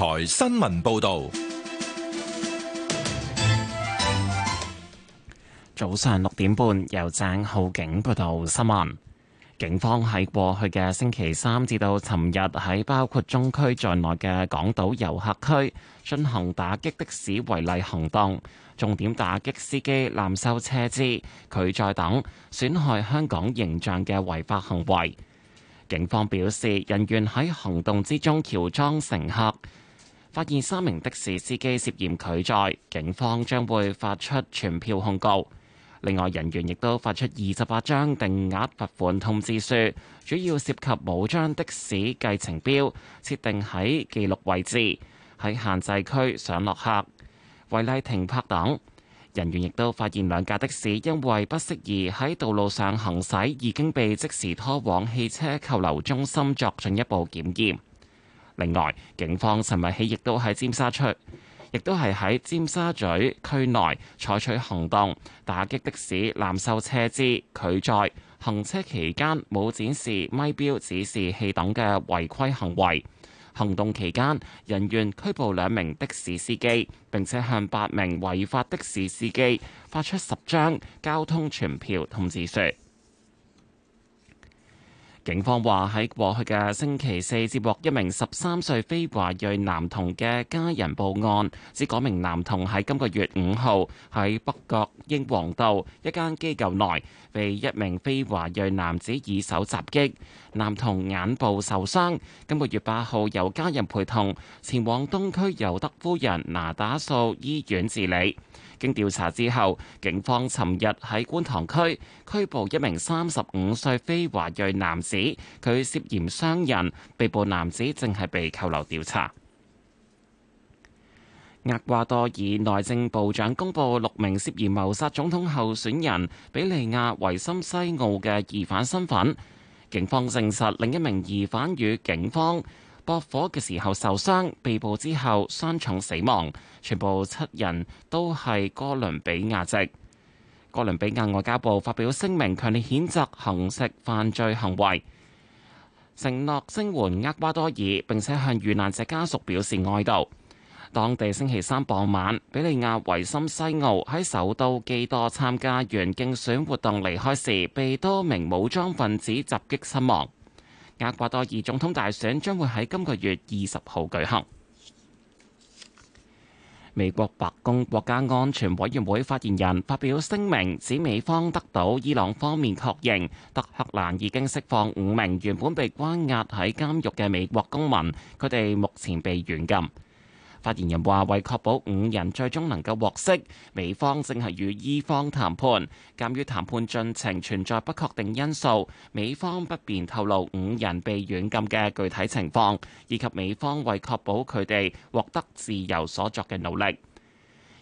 台新聞報道，早上六點半由鄭浩景報道新聞。警方喺過去嘅星期三至到尋日喺包括中區在內嘅港島遊客區進行打擊的士違例行動，重點打擊司機濫收車資、拒載等損害香港形象嘅違法行為。警方表示，人員喺行動之中喬裝乘客。發現三名的士司機涉嫌拒載，警方將會發出傳票控告。另外，人員亦都發出二十八張定額罰款通知書，主要涉及冇將的士計程表設定喺記錄位置，喺限制區上落客、違例停泊等。人員亦都發現兩架的士因為不適宜喺道路上行駛，已經被即時拖往汽車扣留中心作進一步檢驗。另外，警方尋日起亦都喺尖，尖沙咀，亦都係喺尖沙咀區內採取行動，打擊的士濫收車資、拒載、行車期間冇展示咪標指示器等嘅違規行為。行動期間，人員拘捕兩名的士司機，並且向八名違法的士司機發出十張交通傳票通知書。警方話喺過去嘅星期四接獲一名十三歲非華裔男童嘅家人報案，指嗰名男童喺今個月五號喺北角英皇道一間機構內被一名非華裔男子以手襲擊，男童眼部受傷。今個月八號由家人陪同前往東區尤德夫人拿打素醫院治理。經調查之後，警方尋日喺觀塘區拘捕一名三十五歲非華裔男子，佢涉嫌傷人，被捕男子正係被扣留調查。厄瓜多爾內政部長公布六名涉嫌謀殺總統候選人比利亞維森西奧嘅疑犯身份，警方證實另一名疑犯與警方。駁火嘅時候受傷，被捕之後傷重死亡，全部七人都係哥倫比亞籍。哥倫比亞外交部發表聲明，強烈譴責行食犯罪行為，承諾聲援厄瓜多爾，並且向遇難者家屬表示哀悼。當地星期三傍晚，比利亞維森西奧喺首都基多參加完競選活動離開時，被多名武裝分子襲擊身亡。厄瓜多爾總統大選將會喺今個月二十號舉行。美國白宮國家安全委員會發言人發表聲明，指美方得到伊朗方面確認，德克蘭已經釋放五名原本被關押喺監獄嘅美國公民，佢哋目前被軟禁。發言人話：為確保五人最終能夠獲釋，美方正係與伊方談判。鑑於談判進程存在不確定因素，美方不便透露五人被軟禁嘅具體情況，以及美方為確保佢哋獲得自由所作嘅努力。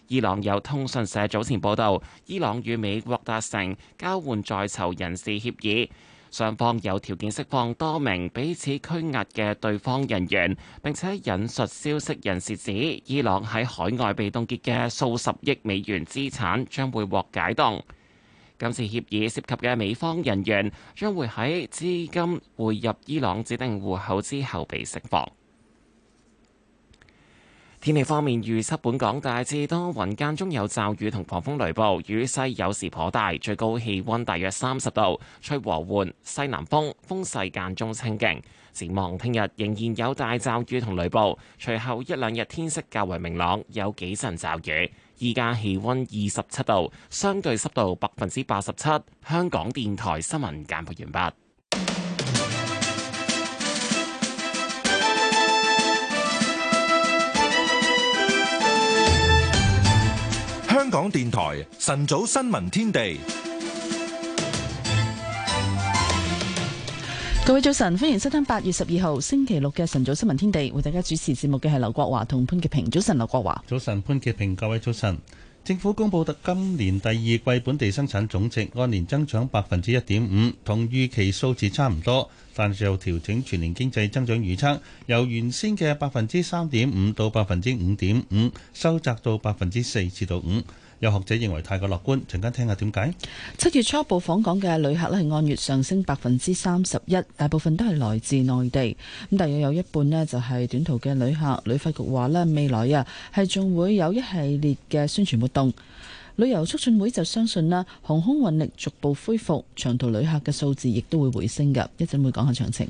伊朗有通訊社早前報道，伊朗與美國達成交換在囚人士協議。雙方有條件釋放多名彼此拘押嘅對方人員，並且引述消息人士指，伊朗喺海外被凍結嘅數十億美元資產將會獲解凍。今次協議涉及嘅美方人員將會喺資金匯入伊朗指定戶口之後被釋放。天氣方面，預測本港大致多雲間中有驟雨同狂風雷暴，雨勢有時頗大，最高氣溫大約三十度，吹和緩西南風，風勢間中清勁。展望聽日仍然有大驟雨同雷暴，隨後一兩日天色較為明朗，有幾陣驟雨。依家氣溫二十七度，相對濕度百分之八十七。香港電台新聞簡報完畢。香港電台晨早新聞天地，各位早晨，歡迎收聽八月十二號星期六嘅晨早新聞天地，為大家主持節目嘅係劉國華同潘潔平。早晨，劉國華，早晨，潘潔平，各位早晨。政府公布得今年第二季本地生產總值按年增長百分之一點五，同預期數字差唔多，但就調整全年經濟增長預測，由原先嘅百分之三點五到百分之五點五，收窄到百分之四至到五。有學者認為太過樂觀，陣間聽下點解？七月初步訪港嘅旅客呢係按月上升百分之三十一，大部分都係來自內地，咁大約有一半呢，就係短途嘅旅客。旅發局話呢，未來啊係仲會有一系列嘅宣傳活動。旅遊促進會就相信啦，航空運力逐步恢復，長途旅客嘅數字亦都會回升㗎。一陣會講下詳情。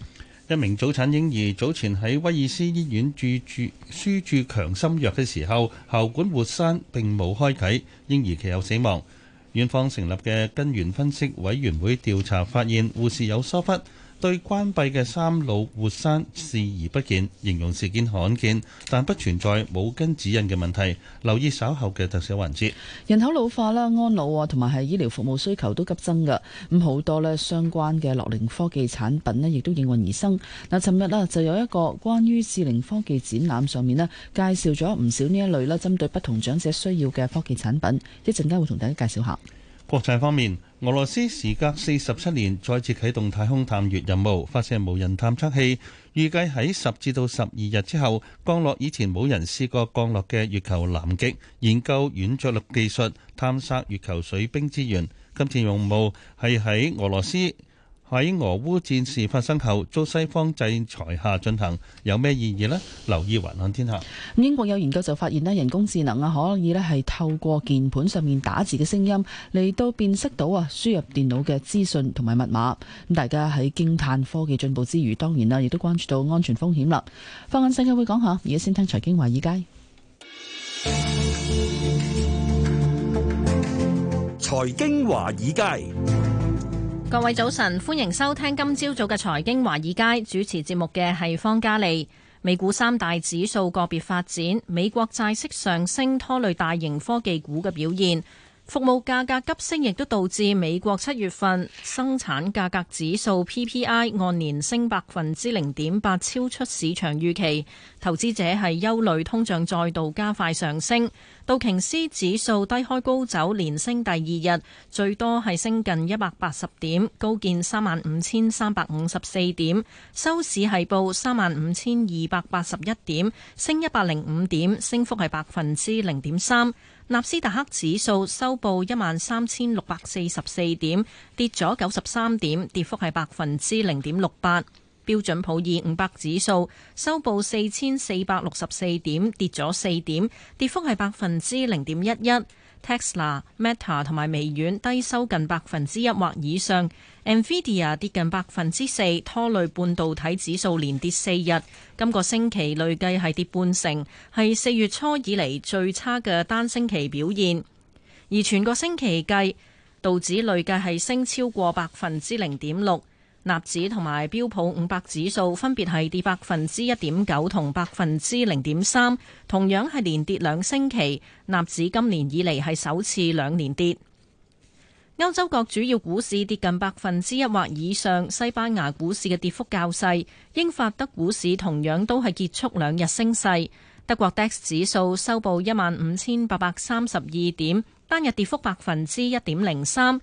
一名早產嬰兒早前喺威爾斯醫院住住輸住強心藥嘅時候，喉管活塞並冇開啟，嬰兒其後死亡。院方成立嘅根源分析委員會調查發現，護士有疏忽。對關閉嘅三老活山視而不見，形容事件罕見，但不存在冇根指引嘅問題。留意稍後嘅特寫環節。人口老化啦，安老啊，同埋係醫療服務需求都急增噶，咁好多呢相關嘅樂齡科技產品呢，亦都應運而生。嗱，尋日啊就有一個關於智齡科技展覽上面呢，介紹咗唔少呢一類啦，針對不同長者需要嘅科技產品。一陣間會同大家介紹下。國際方面。俄羅斯時隔四十七年再次啟動太空探月任務，發射無人探測器，預計喺十至到十二日之後降落以前冇人試過降落嘅月球南極，研究軟着陸技術，探測月球水冰資源。今次任務係喺俄羅斯。喺俄烏戰事發生後，遭西方制裁下進行，有咩意義呢？留意環行天下。英國有研究就發現咧，人工智能啊，可以咧係透過鍵盤上面打字嘅聲音嚟到辨識到啊輸入電腦嘅資訊同埋密碼。咁大家喺驚嘆科技進步之餘，當然啦，亦都關注到安全風險啦。放眼世界會講下，而家先聽財經華爾街。財經華爾街。各位早晨，歡迎收聽今朝早嘅財經華爾街。主持節目嘅係方嘉利。美股三大指數個別發展，美國債息上升拖累大型科技股嘅表現。服務價格急升，亦都導致美國七月份生產價格指數 PPI 按年升百分之零點八，超出市場預期。投資者係憂慮通脹再度加快上升。道瓊斯指數低開高走，連升第二日，最多係升近一百八十點，高見三萬五千三百五十四點，收市係報三萬五千二百八十一點，升一百零五點，升幅係百分之零點三。納斯達克指數收報一萬三千六百四十四點，跌咗九十三點，跌幅係百分之零點六八。標準普爾五百指數收報四千四百六十四點，跌咗四點，跌幅係百分之零點一一。Tesla、Meta 同埋微軟低收近百分之一或以上。Nvidia 跌近百分之四，拖累半導體指數連跌四日。今個星期累計係跌半成，係四月初以嚟最差嘅單星期表現。而全個星期計，道指累計係升超過百分之零點六，納指同埋標普五百指數分別係跌百分之一點九同百分之零點三，同樣係連跌兩星期。納指今年以嚟係首次兩年跌。歐洲各主要股市跌近百分之一或以上，西班牙股市嘅跌幅較細，英法德股市同樣都係結束兩日升勢。德國 DAX 指數收報一萬五千八百三十二點，單日跌幅百分之一點零三；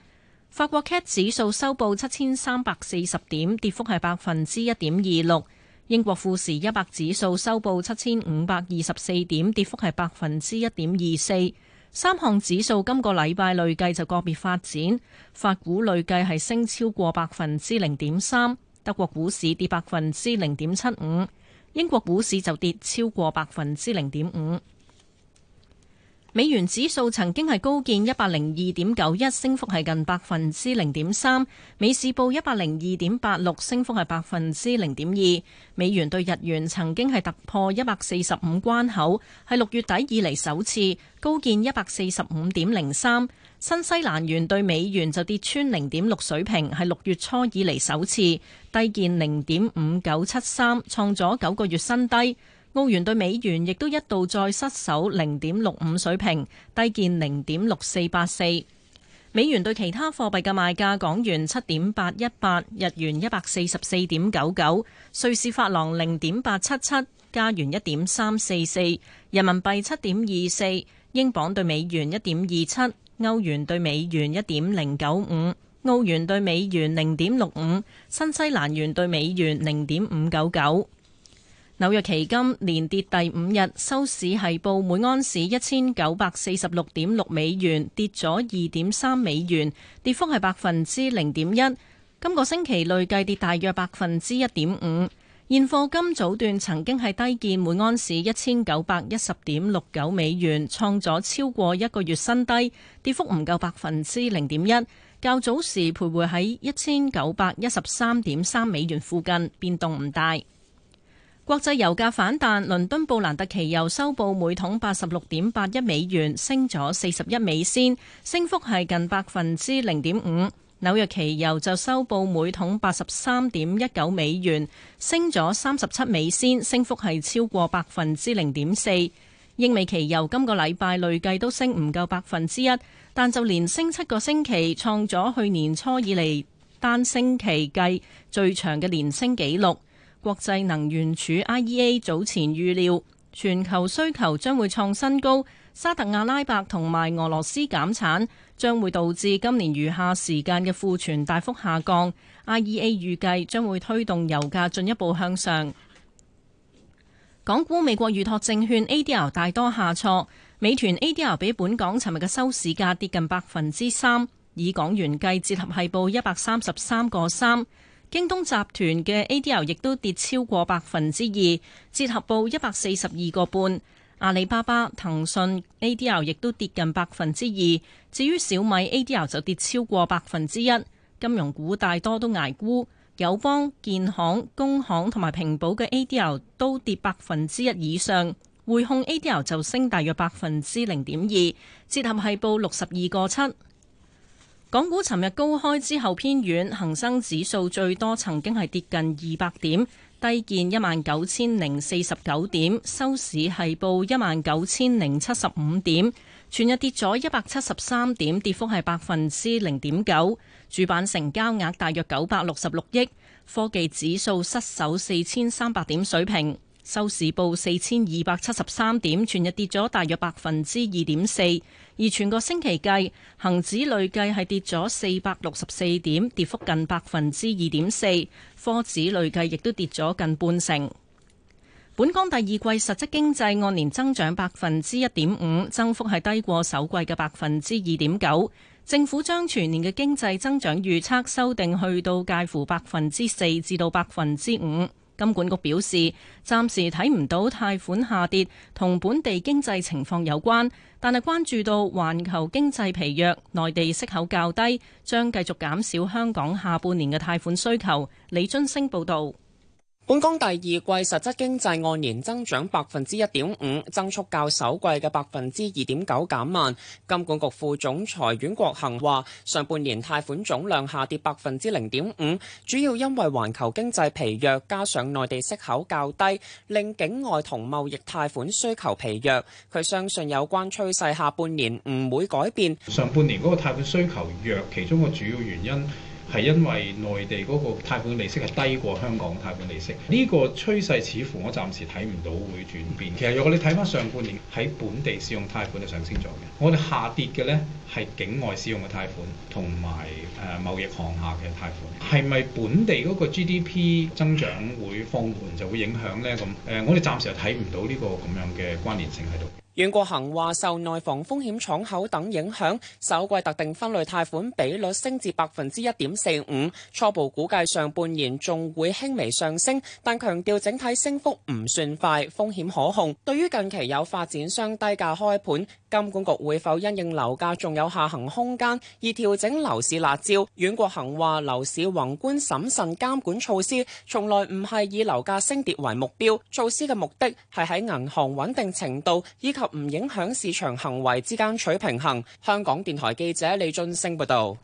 法國 CAC 指數收報七千三百四十點，跌幅係百分之一點二六；英國富時一百指數收報七千五百二十四點，跌幅係百分之一點二四。三項指數今個禮拜累計就個別發展，法股累計係升超過百分之零點三，德國股市跌百分之零點七五，英國股市就跌超過百分之零點五。美元指數曾經係高見一百零二點九一，升幅係近百分之零點三。美市報一百零二點八六，升幅係百分之零點二。美元對日元曾經係突破一百四十五關口，係六月底以嚟首次高見一百四十五點零三。新西蘭元對美元就跌穿零點六水平，係六月初以嚟首次低見零點五九七三，創咗九個月新低。澳元對美元亦都一度再失守零點六五水平，低見零點六四八四。美元對其他貨幣嘅賣價：港元七點八一八，日元一百四十四點九九，瑞士法郎零點八七七，加元一點三四四，人民幣七點二四，英鎊對美元一點二七，歐元對美元一點零九五，澳元對美元零點六五，新西蘭元對美元零點五九九。紐約期金連跌第五日，收市係報每安士一千九百四十六點六美元，跌咗二點三美元，跌幅係百分之零點一。今個星期累計跌大約百分之一點五。現貨金早段曾經係低見每安士一千九百一十點六九美元，創咗超過一個月新低，跌幅唔夠百分之零點一。較早時徘徊喺一千九百一十三點三美元附近，變動唔大。國際油價反彈，倫敦布蘭特期油收報每桶八十六點八一美元，升咗四十一美仙，升幅係近百分之零點五。紐約期油就收報每桶八十三點一九美元，升咗三十七美仙，升幅係超過百分之零點四。英美期油今個禮拜累計都升唔夠百分之一，但就連升七個星期，創咗去年初以嚟單星期計最長嘅連升紀錄。國際能源署 IEA 早前預料，全球需求將會創新高，沙特阿拉伯同埋俄羅斯減產，將會導致今年餘下時間嘅庫存大幅下降。IEA 預計將會推動油價進一步向上。港股美國預託證券 ADR 大多下挫，美團 ADR 比本港尋日嘅收市價跌近百分之三，以港元計，折合係報一百三十三個三。京東集團嘅 ADR 亦都跌超過百分之二，折合報一百四十二個半。阿里巴巴、騰訊 ADR 亦都跌近百分之二。至於小米 ADR 就跌超過百分之一。金融股大多都挨沽，友邦、建行、工行同埋平保嘅 ADR 都跌百分之一以上。匯控 ADR 就升大約百分之零點二，折合係報六十二個七。港股尋日高開之後偏軟，恒生指數最多曾經係跌近二百點，低見一萬九千零四十九點，收市係報一萬九千零七十五點，全日跌咗一百七十三點，跌幅係百分之零點九。主板成交額大約九百六十六億，科技指數失守四千三百點水平，收市報四千二百七十三點，全日跌咗大約百分之二點四。而全個星期計，恒指累計係跌咗四百六十四點，跌幅近百分之二點四；科指累計亦都跌咗近半成。本港第二季實質經濟按年增長百分之一點五，增幅係低過首季嘅百分之二點九。政府將全年嘅經濟增長預測修訂去到介乎百分之四至到百分之五。金管局表示，暫時睇唔到貸款下跌同本地經濟情況有關，但係關注到環球經濟疲弱，內地息口較低，將繼續減少香港下半年嘅貸款需求。李津星報導。本港第二季實質經濟按年增長百分之一點五，增速較首季嘅百分之二點九減慢。金管局副總裁阮國恆話，上半年貸款總量下跌百分之零點五，主要因為環球經濟疲弱，加上內地息口較低，令境外同貿易貸款需求疲弱。佢相信有關趨勢下半年唔會改變。上半年嗰個貸款需求弱，其中個主要原因，係因為內地嗰個貸款利息係低過香港貸款利息，呢個趨勢似乎我暫時睇唔到會轉變。其實如果你睇翻上半年喺本地使用貸款就上升咗嘅，我哋下跌嘅呢係境外使用嘅貸款同埋誒貿易行下嘅貸款係咪本地嗰個 GDP 增長會放緩就會影響呢？咁誒，我哋暫時係睇唔到呢個咁樣嘅關聯性喺度。阮國恒話：受內房風險敞口等影響，首季特定分類貸款比率升至百分之一點四五，初步估計上半年仲會輕微上升，但強調整體升幅唔算快，風險可控。對於近期有發展商低價開盤，金管局會否因應樓價仲有下行空間而調整樓市辣招？阮國恒話：樓市宏觀審慎監管措施從來唔係以樓價升跌為目標，措施嘅目的係喺銀行穩定程度以及唔影響市場行為之間取平衡。香港電台記者李俊升報道。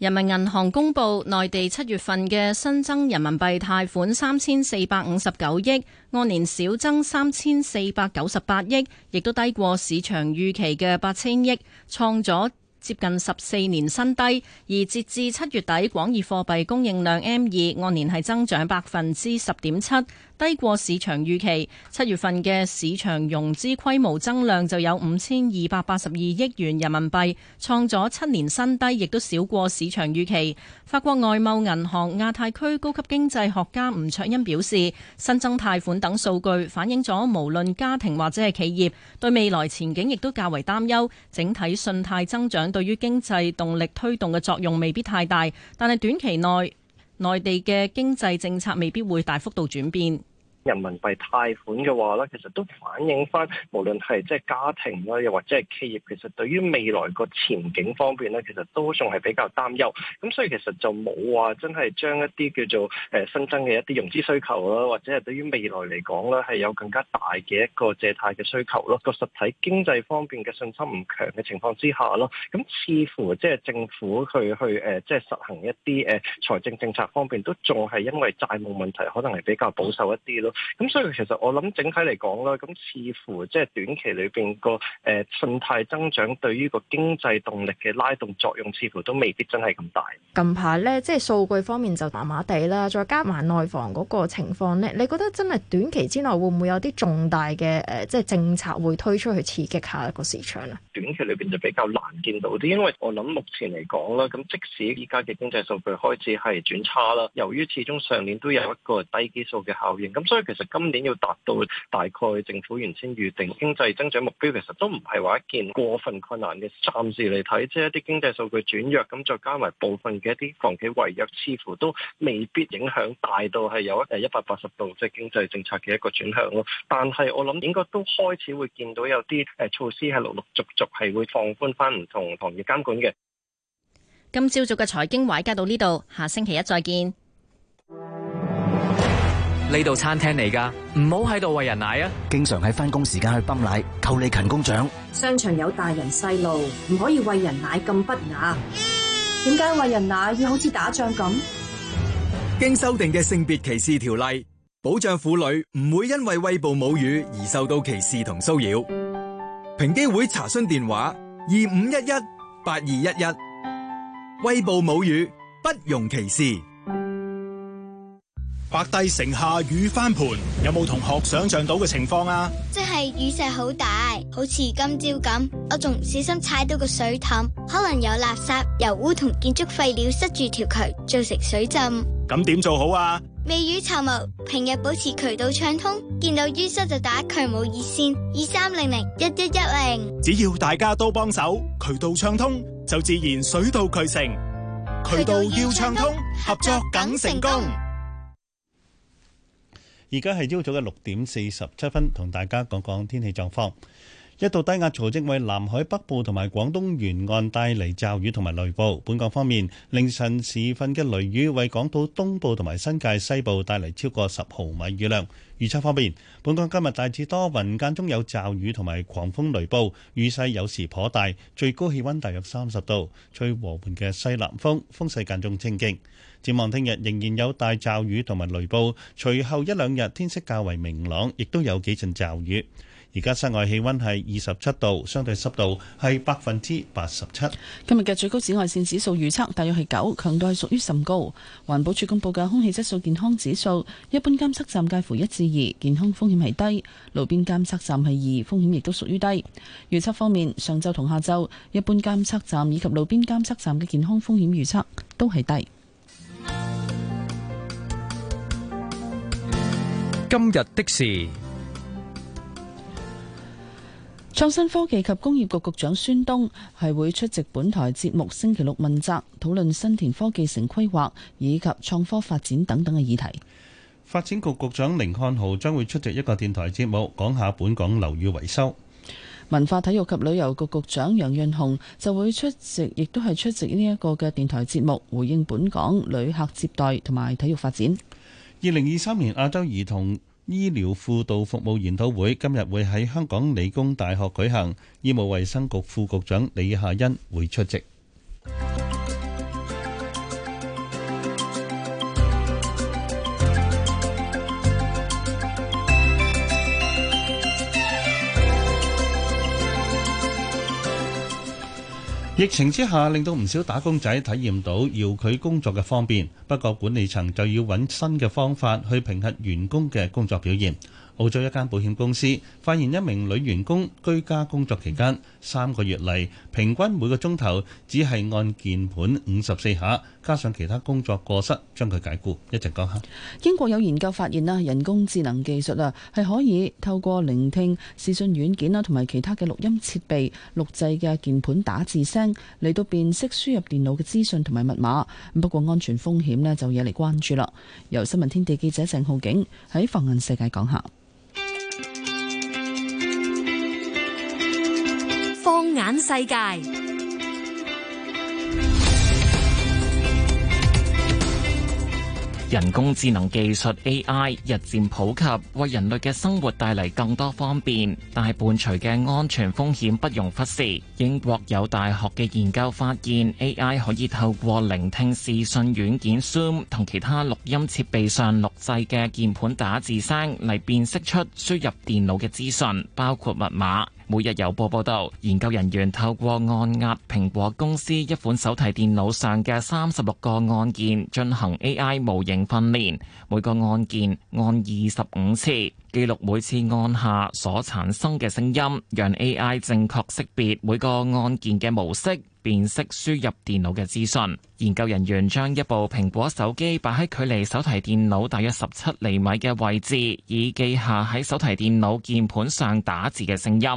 人民銀行公布內地七月份嘅新增人民幣貸款三千四百五十九億，按年少增三千四百九十八億，亦都低過市場預期嘅八千億，創咗接近十四年新低，而截至七月底，廣義貨幣供應量 M2 按年係增長百分之十點七，低過市場預期。七月份嘅市場融資規模增量就有五千二百八十二億元人民幣，創咗七年新低，亦都少過市場預期。法國外貿銀行亞太區高級經濟學家吳卓殷表示，新增貸款等數據反映咗無論家庭或者係企業對未來前景亦都較為擔憂，整體信貸增長對於經濟動力推動嘅作用未必太大，但係短期內，內地嘅經濟政策未必會大幅度轉變。人民幣貸款嘅話咧，其實都反映翻，無論係即係家庭啦，又或者係企業，其實對於未來個前景方面咧，其實都仲係比較擔憂。咁所以其實就冇話真係將一啲叫做誒、呃、新增嘅一啲融資需求啦，或者係對於未來嚟講咧，係有更加大嘅一個借貸嘅需求咯。個實體經濟方面嘅信心唔強嘅情況之下咯，咁似乎即係政府去去誒即係實行一啲誒財政政策方面，都仲係因為債務問題，可能係比較保守一啲咯。咁所以其實我諗整體嚟講啦，咁似乎即係短期裏邊個誒信貸增長對於個經濟動力嘅拉動作用，似乎都未必真係咁大。近排咧，即係數據方面就麻麻地啦，再加埋內房嗰個情況咧，你覺得真係短期之內會唔會有啲重大嘅誒，即係政策會推出去刺激下一個市場啊？短期裏邊就比較難見到啲，因為我諗目前嚟講啦，咁即使依家嘅經濟數據開始係轉差啦，由於始終上年都有一個低基數嘅效應，咁所以。其實今年要達到大概政府原先預定經濟增長目標，其實都唔係話一件過分困難嘅。暫時嚟睇，即係一啲經濟數據轉弱，咁再加埋部分嘅一啲房企違約，似乎都未必影響大到係有一誒一百八十度即係、就是、經濟政策嘅一個轉向咯。但係我諗應該都開始會見到有啲誒措施係陸,陸陸續續係會放寬返唔同行業監管嘅。今朝早嘅財經華爾街到呢度，下星期一再見。呢度餐廳嚟㗎，唔好喺度喂人奶啊！經常喺翻工時間去泵奶，扣你勤工獎。商場有大人細路，唔可以喂人奶咁不雅。點解喂人奶要好似打仗咁？經修訂嘅性別歧視條例，保障婦女唔會因為喂哺母乳而受到歧視同騷擾。平機會查詢電話：二五一一八二一一。喂哺母乳不容歧視。白帝城下雨翻盆，有冇同學想象到嘅情況啊？即係雨勢好大，好似今朝咁。我仲唔小心踩到個水凼，可能有垃圾、油污同建築廢料塞住條渠，造成水浸。咁點做好啊？未雨綢繆，平日保持渠道暢通，見到淤塞就打渠務熱線二三零零一一一零。只要大家都幫手，渠道暢通就自然水到渠成。渠道要暢通，合作梗成功。而家係朝早嘅六點四十七分，同大家講講天氣狀況。一度低壓槽正為南海北部同埋廣東沿岸帶嚟驟雨同埋雷暴。本港方面，凌晨時分嘅雷雨為港島東部同埋新界西部帶嚟超過十毫米雨量。預測方面，本港今日大致多雲，間中有驟雨同埋狂風雷暴，雨勢有時頗大，最高氣温大約三十度，吹和緩嘅西南風，風勢間中清勁。展望聽日仍然有大驟雨同埋雷暴，隨後一兩日天色較為明朗，亦都有幾陣驟雨。而家室外氣温係二十七度，相對濕度係百分之八十七。今日嘅最高紫外綫指數預測大約係九，強度係屬於甚高。環保署公布嘅空氣質素健康指數，一般監測站介乎一至二，健康風險係低；路邊監測站係二，風險亦都屬於低。預測方面，上晝同下晝，一般監測站以及路邊監測站嘅健康風險預測都係低。今日的事，創新科技及工業局局長孫東係會出席本台節目星期六問責，討論新田科技城規劃以及創科發展等等嘅議題。發展局局長甯漢豪將會出席一個電台節目，講下本港樓宇維修。文化體育及旅遊局局長楊潤雄就會出席，亦都係出席呢一個嘅電台節目，回應本港旅客接待同埋體育發展。二零二三年亞洲兒童醫療輔導服務研討會今日會喺香港理工大學舉行，醫務衛生局副局長李夏欣會出席。疫情之下，令到唔少打工仔體驗到遙距工作嘅方便，不過管理層就要揾新嘅方法去評核員工嘅工作表現。澳洲一間保險公司發現一名女員工居家工作期間三個月嚟平均每個鐘頭只係按鍵盤五十四下，加上其他工作過失，將佢解僱。一陣講下英國有研究發現啦，人工智能技術啊係可以透過聆聽視訊軟件啦同埋其他嘅錄音設備錄製嘅鍵盤打字聲嚟到辨識輸入電腦嘅資訊同埋密碼。不過安全風險咧就惹嚟關注啦。由新聞天地記者鄭浩景喺放眼世界講下。放眼世界，人工智能技術 AI 日漸普及，為人類嘅生活帶嚟更多方便，但係伴隨嘅安全風險不容忽視。英國有大學嘅研究發現，AI 可以透過聆聽視訊軟件 Zoom 同其他錄音設備上錄製嘅鍵盤打字聲嚟辨識出輸入電腦嘅資訊，包括密碼。每日郵報報道，研究人員透過按壓蘋果公司一款手提電腦上嘅三十六個按鍵進行 AI 模型訓練，每個案件按鍵按二十五次，記錄每次按下所產生嘅聲音，讓 AI 正確識別每個按鍵嘅模式。辨識輸入電腦嘅資訊。研究人員將一部蘋果手機擺喺距離手提電腦大約十七厘米嘅位置，以記下喺手提電腦鍵盤上打字嘅聲音。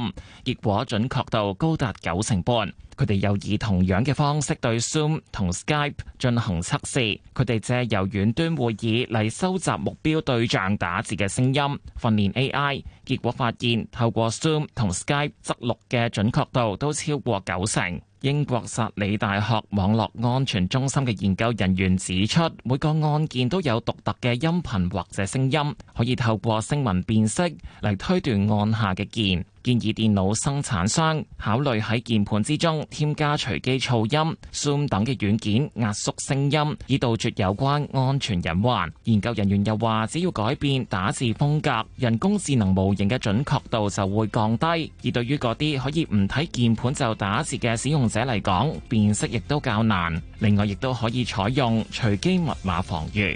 結果準確度高達九成半。佢哋又以同樣嘅方式對 Zoom 同 Skype 進行測試。佢哋借由遠端會議嚟收集目標對象打字嘅聲音，訓練 AI。結果發現透過 Zoom 同 Skype 側錄嘅準確度都超過九成。英國薩里大學網絡安全中心嘅研究人員指出，每個按鍵都有獨特嘅音頻或者聲音，可以透過聲紋辨識嚟推斷按下嘅鍵。建議電腦生產商考慮喺鍵盤之中添加隨機噪音、Zoom 等嘅軟件壓縮聲音，以杜絕有關安全隱患。研究人員又話，只要改變打字風格，人工智能模型嘅準確度就會降低。而對於嗰啲可以唔睇鍵盤就打字嘅使用者嚟講，辨識亦都較難。另外，亦都可以採用隨機密碼防禦。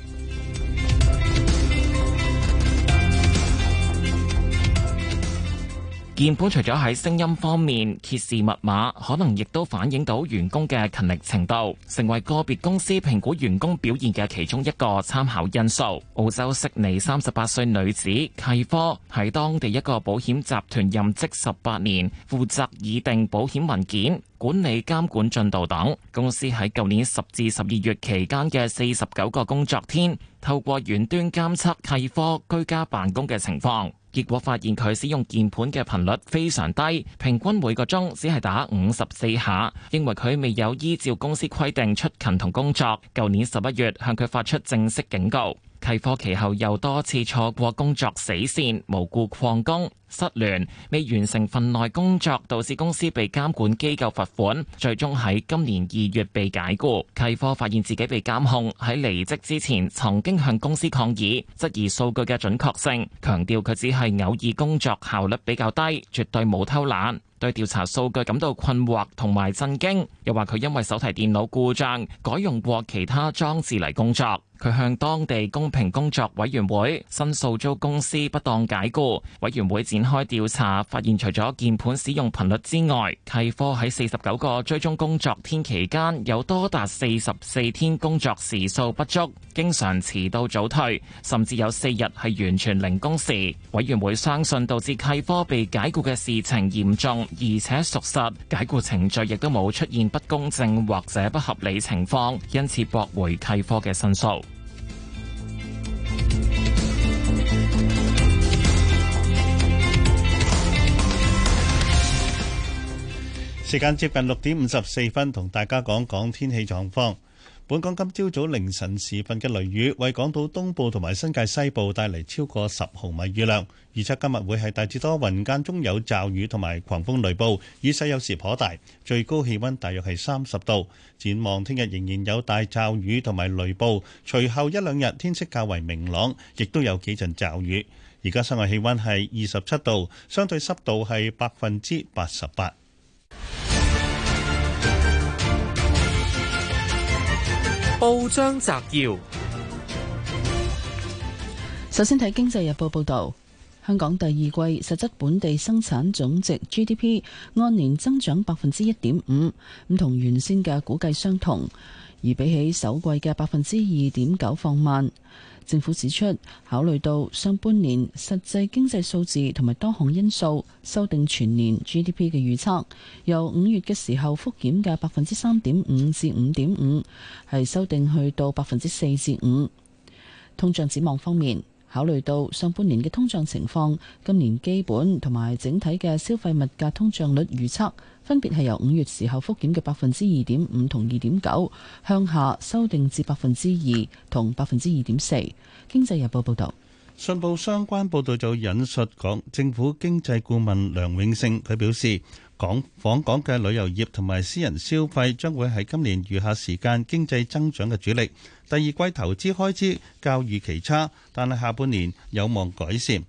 鍵盤除咗喺聲音方面揭示密碼，可能亦都反映到員工嘅勤力程度，成為個別公司評估員工表現嘅其中一個參考因素。澳洲悉尼三十八歲女子契科喺當地一個保險集團任職十八年，負責擬定保險文件、管理監管進度等。公司喺舊年十至十二月期間嘅四十九個工作天，透過遠端監測契科居家辦公嘅情況，結果發現佢使用鍵盤嘅頻率非常低，平均每個鐘只係打五十四下，認為佢未有依照公司規定出勤同工作。舊年十一月向佢發出正式警告，契科其後又多次錯過工作死線，無故曠工。失聯未完成份內工作，導致公司被監管機構罰款，最終喺今年二月被解僱。契科發現自己被監控，喺離職之前曾經向公司抗議，質疑數據嘅準確性，強調佢只係偶爾工作效率比較低，絕對冇偷懶。對調查數據感到困惑同埋震驚，又話佢因為手提電腦故障，改用過其他裝置嚟工作。佢向當地公平工作委員會申訴遭公司不當解雇，委員會展開調查，發現除咗鍵盤使用頻率之外，契科喺四十九個追蹤工作天期間有多達四十四天工作時數不足，經常遲到早退，甚至有四日係完全零工時。委員會相信導致契科被解雇嘅事情嚴重而且屬實，解雇程序亦都冇出現不公正或者不合理情況，因此駁回契科嘅申訴。時間接近六點五十四分，同大家講講天氣狀況。本港今朝早早凌晨時分嘅雷雨，為港島東部同埋新界西部帶嚟超過十毫米雨量。預測今日會係大致多雲間中有驟雨同埋狂風雷暴，雨勢有時頗大，最高氣溫大約係三十度。展望聽日仍然有大驟雨同埋雷暴，隨後一兩日天色較為明朗，亦都有幾陣驟雨。而家室外氣溫係二十七度，相對濕度係百分之八十八。報章摘要：首先睇《經濟日報》報道。香港第二季實質本地生產總值 GDP 按年增長百分之一點五，咁同原先嘅估計相同，而比起首季嘅百分之二點九放慢。政府指出，考慮到上半年實際經濟數字同埋多項因素，修訂全年 GDP 嘅預測，由五月嘅時候復檢嘅百分之三點五至五點五，係修訂去到百分之四至五。通脹展望方面。考慮到上半年嘅通脹情況，今年基本同埋整體嘅消費物價通脹率預測，分別係由五月時候復檢嘅百分之二點五同二點九向下修訂至百分之二同百分之二點四。經濟日報報導，信報相關報導就引述港政府經濟顧問梁永勝佢表示。港訪港嘅旅遊業同埋私人消費將會係今年餘下時間經濟增長嘅主力。第二季投資開支較預期差，但係下半年有望改善。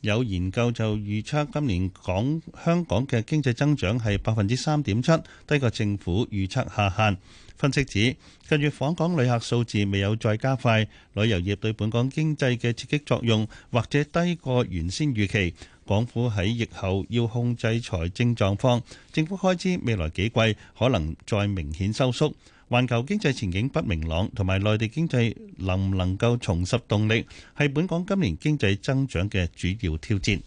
有研究就預測今年港香港嘅經濟增長係百分之三點七，低過政府預測下限。分析指，近月訪港旅客數字未有再加快，旅遊業對本港經濟嘅刺激作用或者低過原先預期。港府喺疫後要控制財政狀況，政府開支未來幾季可能再明顯收縮。環球經濟前景不明朗，同埋內地經濟能唔能夠重拾動力，係本港今年經濟增長嘅主要挑戰。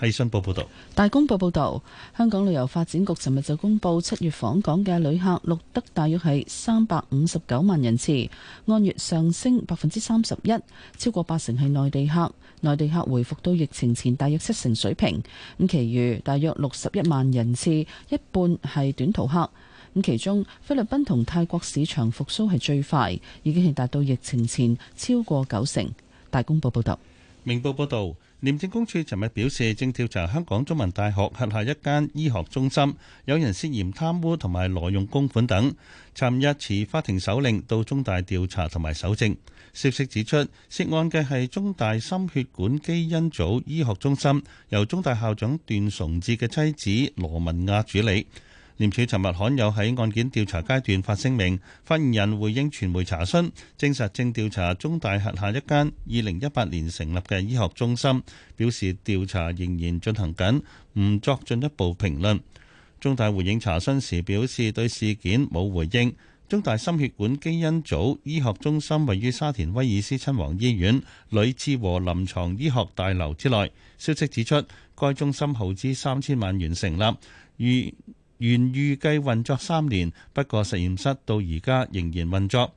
係《信報》報導，《大公報》報導，香港旅遊發展局尋日就公布七月訪港嘅旅客錄得大約係三百五十九萬人次，按月上升百分之三十一，超過八成係內地客，內地客回復到疫情前大約七成水平。咁，其餘大約六十一萬人次，一半係短途客。咁其中，菲律賓同泰國市場復甦係最快，已經係達到疫情前超過九成。《大公報》報導，《明報》報導。廉政公署尋日表示，正調查香港中文大學轄下一間醫學中心，有人涉嫌貪污同埋挪用公款等，尋日持法庭手令到中大調查同埋搜證。消息指出，涉案嘅係中大心血管基因組醫學中心，由中大校長段崇智嘅妻子羅文亞主理。廉署尋日罕有喺案件調查階段發聲明，發言人回應傳媒查詢，證實正調查中大轄下一間二零一八年成立嘅醫學中心，表示調查仍然進行緊，唔作進一步評論。中大回應查詢時表示對事件冇回應。中大心血管基因組醫學中心位於沙田威爾斯親王醫院呂志和臨床醫學大樓之內。消息指出，該中心耗資三千萬元成立，於原預計運作三年，不過實驗室到而家仍然運作。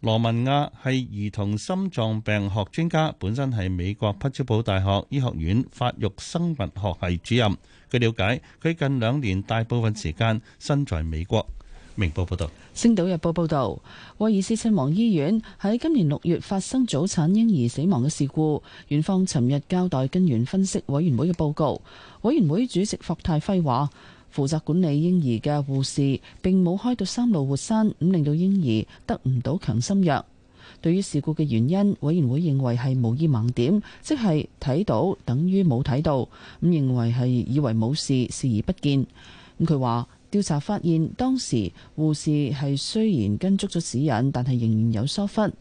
羅文亞係兒童心臟病學專家，本身係美國匹茲堡大學醫學院發育生物學系主任。據了解，佢近兩年大部分時間身在美國。明報報導，《星島日報》報道，威爾斯親王醫院喺今年六月發生早產嬰兒死亡嘅事故，院方尋日交代根源分析委員會嘅報告。委員會主席霍泰輝話。負責管理嬰兒嘅護士並冇開到三路活山，咁令到嬰兒得唔到強心藥。對於事故嘅原因，委員會認為係無意盲點，即係睇到等於冇睇到，咁認為係以為冇事視而不見。咁佢話調查發現當時護士係雖然跟足咗指引，但係仍然有疏忽。咁、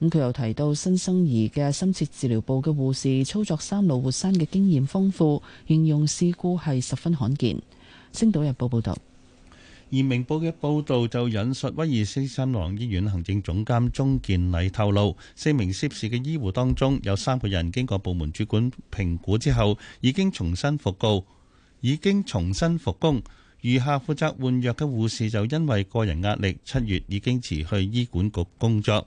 嗯、佢又提到新生兒嘅深切治療部嘅護士操作三路活山嘅經驗豐富，形容事故係十分罕見。星島日報報道，而明報嘅報道就引述威爾斯親王醫院行政總監鍾健禮透露，嗯、四名涉事嘅醫護當中，有三個人經過部門主管評估之後，已經重新復工，已經重新復工。餘下負責換藥嘅護士就因為個人壓力，七月已經辭去醫管局工作。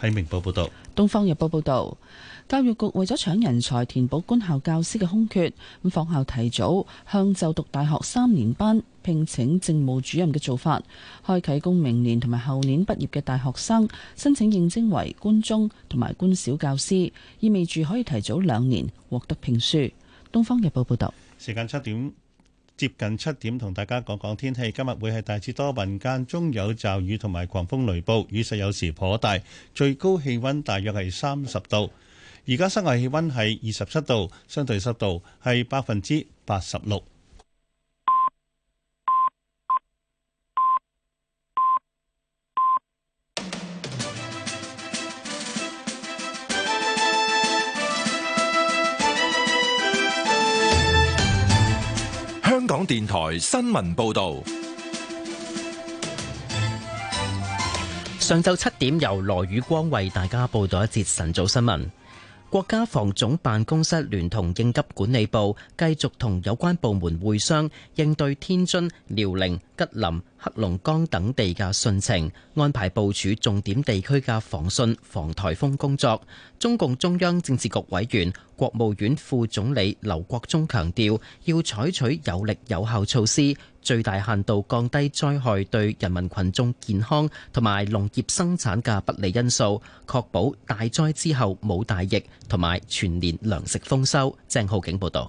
喺明報報道，東方日報報道，教育局為咗搶人才填補官校教師嘅空缺，咁仿效提早向就讀大學三年班聘請政務主任嘅做法，開啟供明年同埋後年畢業嘅大學生申請應徵為官中同埋官小教師，意味住可以提早兩年獲得聘書。東方日報報道，時間七點。接近七點，同大家講講天氣。今日會係大致多雲，間中有驟雨同埋狂風雷暴，雨勢有時頗大，最高氣温大約係三十度。而家室外氣温係二十七度，相對濕度係百分之八十六。香港電台新聞報道。上晝七點，由羅宇光為大家報道一節晨早新聞。國家防總辦公室聯同應急管理部，繼續同有關部門會商，應對天津、遼寧、吉林。黑龍江等地嘅汛情，安排部署重點地區嘅防汛防台風工作。中共中央政治局委員、國務院副總理劉國中強調，要採取有力有效措施，最大限度降低災害對人民群眾健康同埋農業生產嘅不利因素，確保大災之後冇大疫，同埋全年糧食豐收。鄭浩景報道。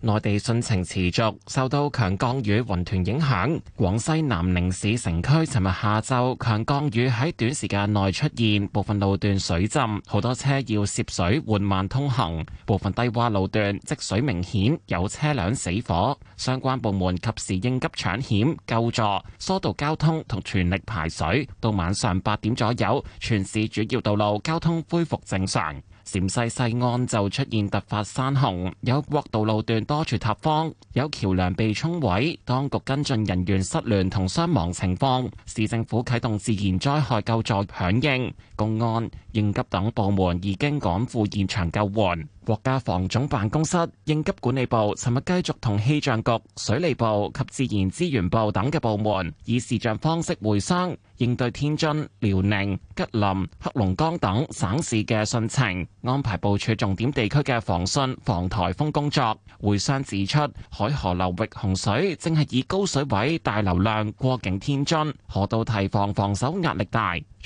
內地汛情持續，受到強降雨雲團影響，廣西南寧市城區尋日下晝強降雨喺短時間內出現，部分路段水浸，好多車要涉水緩慢通行，部分低洼路段積水明顯，有車輛死火。相關部門及時應急搶險、救助，疏導交通同全力排水。到晚上八點左右，全市主要道路交通恢復正常。陝西西安就出現突發山洪，有國道路段多處塌方，有橋梁被沖毀，當局跟進人員失聯同傷亡情況，市政府啟動自然災害救助響應，公安、應急等部門已經趕赴現場救援。國家防總辦公室應急管理部尋日繼續同氣象局、水利部及自然資源部等嘅部門以視像方式會商，應對天津、遼寧、吉林、黑龍江等省市嘅汛情，安排部署重點地區嘅防汛防颱風工作。會商指出，海河流域洪水正係以高水位、大流量過境天津，河道堤防防守壓力大。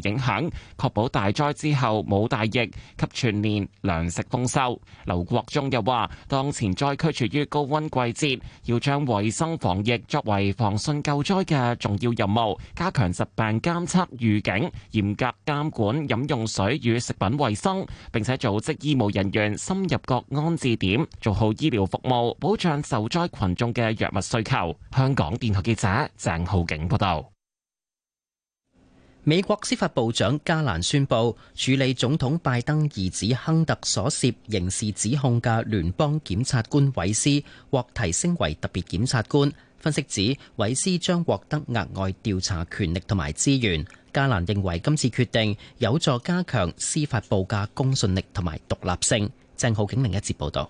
影響，確保大災之後冇大疫，給全年糧食豐收。劉國忠又話：當前災區處於高温季節，要將衛生防疫作為防汛救災嘅重要任務，加強疾病監測預警，嚴格監管飲用水與食品衛生，並且組織醫務人員深入各安置點，做好醫療服務，保障受災群眾嘅藥物需求。香港電台記者鄭浩景報道。美國司法部長加蘭宣佈，處理總統拜登兒子亨特所涉刑事指控嘅聯邦檢察官韋斯獲提升為特別檢察官。分析指，韋斯將獲得額外調查權力同埋資源。加蘭認為今次決定有助加強司法部嘅公信力同埋獨立性。鄭浩景另一節報道。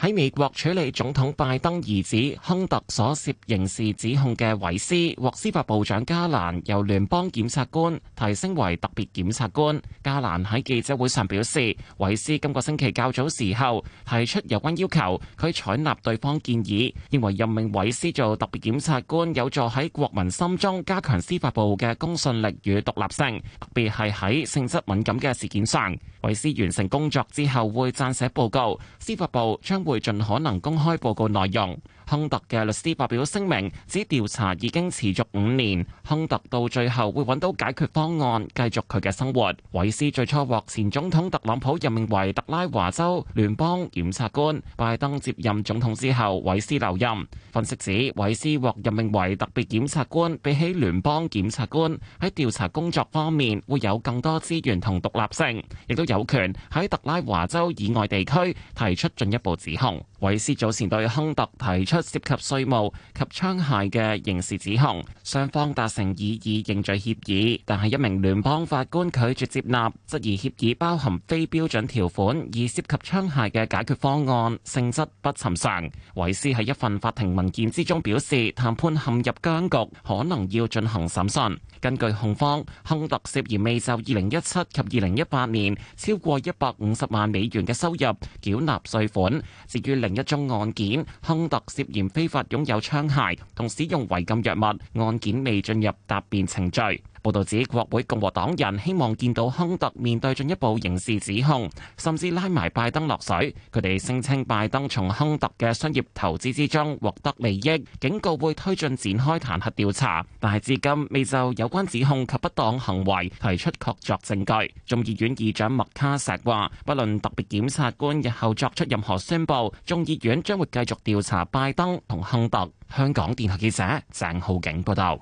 喺美國處理總統拜登兒子亨特所涉刑事指控嘅韋斯，獲司法部長加蘭由聯邦檢察官提升為特別檢察官。加蘭喺記者會上表示，韋斯今個星期較早時候提出有關要求，佢採納對方建議，認為任命韋斯做特別檢察官有助喺國民心中加強司法部嘅公信力與獨立性，特別係喺性質敏感嘅事件上。韋斯完成工作之後會撰寫報告，司法部將會盡可能公開報告內容。亨特嘅律師發表聲明，指調查已經持續五年，亨特到最後會揾到解決方案，繼續佢嘅生活。韋斯最初獲前總統特朗普任命為特拉華州聯邦檢察官，拜登接任總統之後，韋斯留任。分析指韋斯獲任命為特別檢察官，比起聯邦檢察官喺調查工作方面會有更多資源同獨立性，亦都有權喺特拉華州以外地區提出進一步指控。韋斯早前對亨特提出涉及稅務及槍械嘅刑事指控，雙方達成以以認罪協議，但係一名聯邦法官拒絕接納，質疑協議包含非標準條款，而涉及槍械嘅解決方案性質不尋常。韋斯喺一份法庭文件之中表示，談判陷入僵局，可能要進行審訊。根據控方，亨特涉嫌未就二零一七及二零一八年超過一百五十萬美元嘅收入繳納稅款。至於另一宗案件，亨特涉嫌非法擁有槍械同使用違禁藥物，案件未進入答辯程序。報道指，國會共和黨人希望見到亨特面對進一步刑事指控，甚至拉埋拜登落水。佢哋聲稱拜登從亨特嘅商業投資之中獲得利益，警告會推進展開彈劾調查。但係至今未就有關指控及不當行為提出確鑿證據。眾議院議長麥卡錫話，不論特別檢察官日後作出任何宣布，眾議院將會繼續調查拜登同亨特。香港電台記者鄭浩景報道。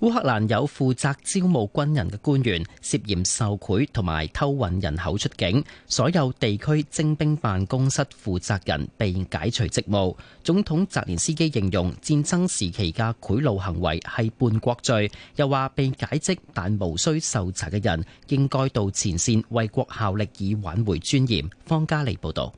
烏克蘭有負責招募軍人嘅官員涉嫌受賄同埋偷運人口出境，所有地區徵兵辦公室負責人被解除職務。總統澤連斯基形容戰爭時期嘅賄賂行為係叛國罪，又話被解職但無需受查嘅人應該到前線為國效力，以挽回尊嚴。方嘉莉報道。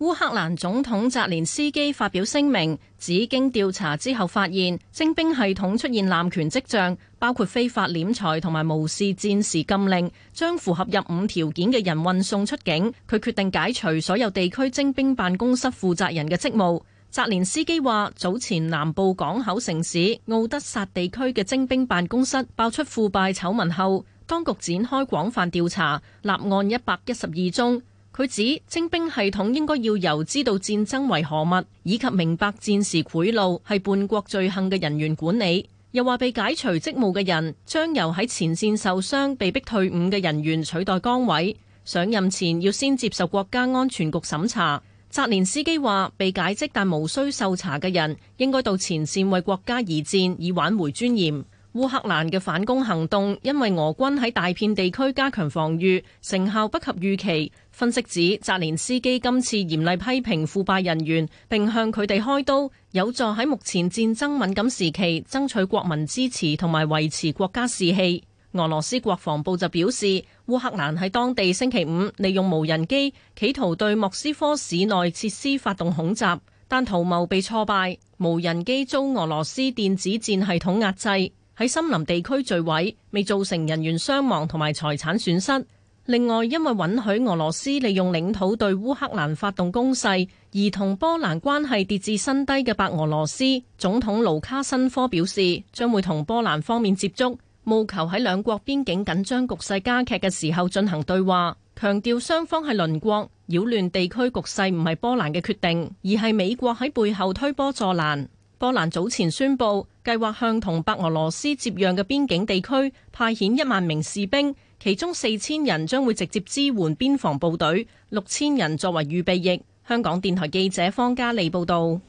烏克蘭總統澤連斯基發表聲明，指經調查之後發現徵兵系統出現濫權跡象，包括非法斂財同埋無視戰時禁令，將符合入伍條件嘅人運送出境。佢決定解除所有地區徵兵辦公室負責人嘅職務。澤連斯基話：早前南部港口城市奧德薩地區嘅徵兵辦公室爆出腐敗醜聞後，當局展開廣泛調查，立案一百一十二宗。佢指徵兵系統應該要由知道戰爭為何物以及明白戰時賄賂係叛國罪行嘅人員管理，又話被解除職務嘅人將由喺前線受傷、被逼退伍嘅人員取代崗位。上任前要先接受國家安全局審查。澤連斯基話，被解職但無需受查嘅人應該到前線為國家而戰，以挽回尊嚴。烏克蘭嘅反攻行動，因為俄軍喺大片地區加強防禦，成效不及預期。分析指，澤連斯基今次嚴厲批評腐敗人員，並向佢哋開刀，有助喺目前戰爭敏感時期爭取國民支持同埋維持國家士氣。俄羅斯國防部就表示，烏克蘭喺當地星期五利用無人機企圖對莫斯科市內設施發動恐襲，但圖謀被挫敗，無人機遭俄羅斯電子戰系統壓制，喺森林地區墜毀，未造成人員傷亡同埋財產損失。另外，因為允許俄羅斯利用領土對烏克蘭發動攻勢，而同波蘭關係跌至新低嘅白俄羅斯總統盧卡申科表示，將會同波蘭方面接觸，務求喺兩國邊境緊張局勢加劇嘅時候進行對話，強調雙方係鄰國，擾亂地區局勢唔係波蘭嘅決定，而係美國喺背後推波助瀾。波蘭早前宣布，計劃向同白俄羅斯接壤嘅邊境地區派遣一萬名士兵，其中四千人將會直接支援邊防部隊，六千人作為預備役。香港電台記者方嘉莉報道。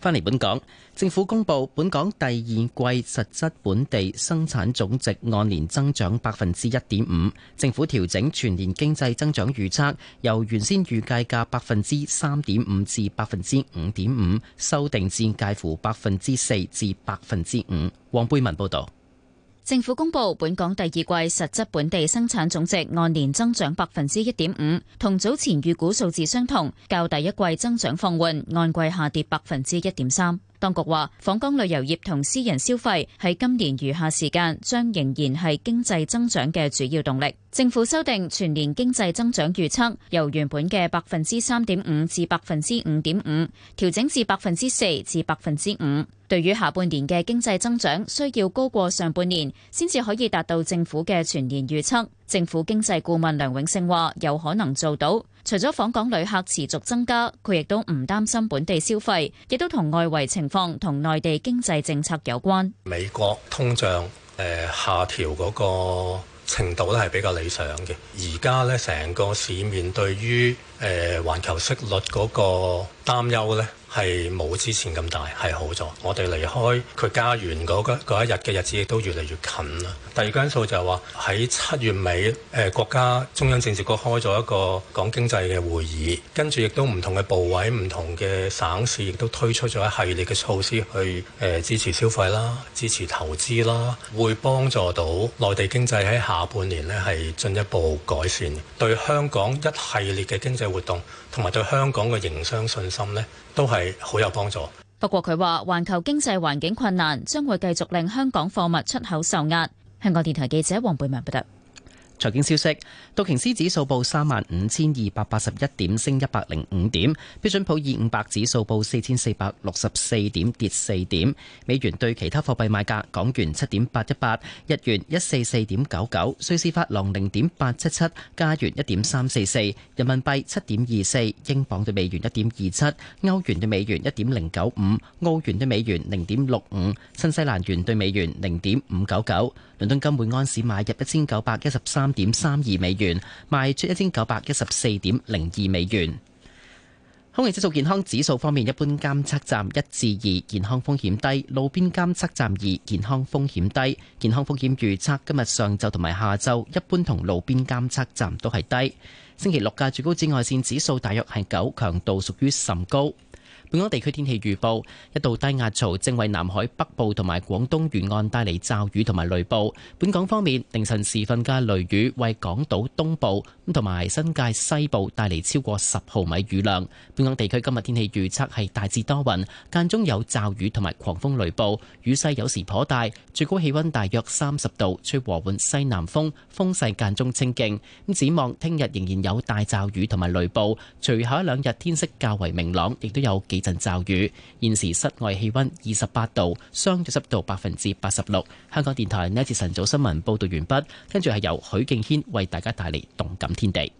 翻嚟本港。政府公布，本港第二季實質本地生產總值按年增長百分之一點五。政府調整全年經濟增長預測，由原先預計嘅百分之三點五至百分之五點五，修訂至介乎百分之四至百分之五。黃貝文報道。政府公布，本港第二季實質本地生產總值按年增長百分之一點五，同早前預估數字相同，較第一季增長放緩，按季下跌百分之一點三。當局話，訪港旅遊業同私人消費喺今年餘下時間將仍然係經濟增長嘅主要動力。政府修訂全年經濟增長預測，由原本嘅百分之三點五至百分之五點五，調整至百分之四至百分之五。對於下半年嘅經濟增長，需要高過上半年，先至可以達到政府嘅全年預測。政府經濟顧問梁永勝話，有可能做到。除咗訪港旅客持續增加，佢亦都唔擔心本地消費，亦都同外圍情況同內地經濟政策有關。美國通脹誒下調嗰個程度咧係比較理想嘅，而家咧成個市面對於誒環球息率嗰個擔憂咧，係冇之前咁大，係好咗。我哋離開佢家園嗰一日嘅日子，亦都越嚟越近啦。第二因素就係話喺七月尾，誒、呃、國家中央政治局開咗一個講經濟嘅會議，跟住亦都唔同嘅部委、唔同嘅省市，亦都推出咗一系列嘅措施去誒、呃、支持消費啦、支持投資啦，會幫助到內地經濟喺下半年呢，係進一步改善，對香港一系列嘅經濟活動同埋對香港嘅營商信心呢，都係好有幫助。不過佢話，環球經濟環境困難，將會繼續令香港貨物出口受壓。香港電台記者黃貝文報道。財經消息：道瓊斯指數報三萬五千二百八十一點，升一百零五點；標準普爾五百指數報四千四百六十四點，跌四點。美元對其他貨幣賣價：港元七點八一八，日元一四四點九九，瑞士法郎零點八七七，加元一點三四四，人民幣七點二四，英鎊對美元一點二七，歐元對美元一點零九五，澳元對美元零點六五，新西蘭元對美元零點五九九。倫敦金每安士買入一千九百一十三點三二美元，賣出一千九百一十四點零二美元。空氣質素健康指數方面，一般監測站一至二，健康風險低；路邊監測站二，健康風險低。健康風險預測今日上晝同埋下晝一般同路邊監測站都係低。星期六嘅最高紫外線指數大約係九，強度屬於甚高。本港地區天氣預報：一道低壓槽正為南海北部同埋廣東沿岸帶嚟驟雨同埋雷暴。本港方面，凌晨時分嘅雷雨為港島東部咁同埋新界西部帶嚟超過十毫米雨量。本港地區今日天氣預測係大致多雲，間中有驟雨同埋狂風雷暴，雨勢有時頗大。最高氣温大約三十度，吹和緩西南風，風勢間中清勁。咁展望聽日仍然有大驟雨同埋雷暴，隨後一兩日天色較為明朗，亦都有幾。陣驟雨，現時室外氣溫二十八度，相對濕度百分之八十六。香港電台呢次晨早新聞報道完畢，跟住係由許敬軒為大家帶嚟動感天地。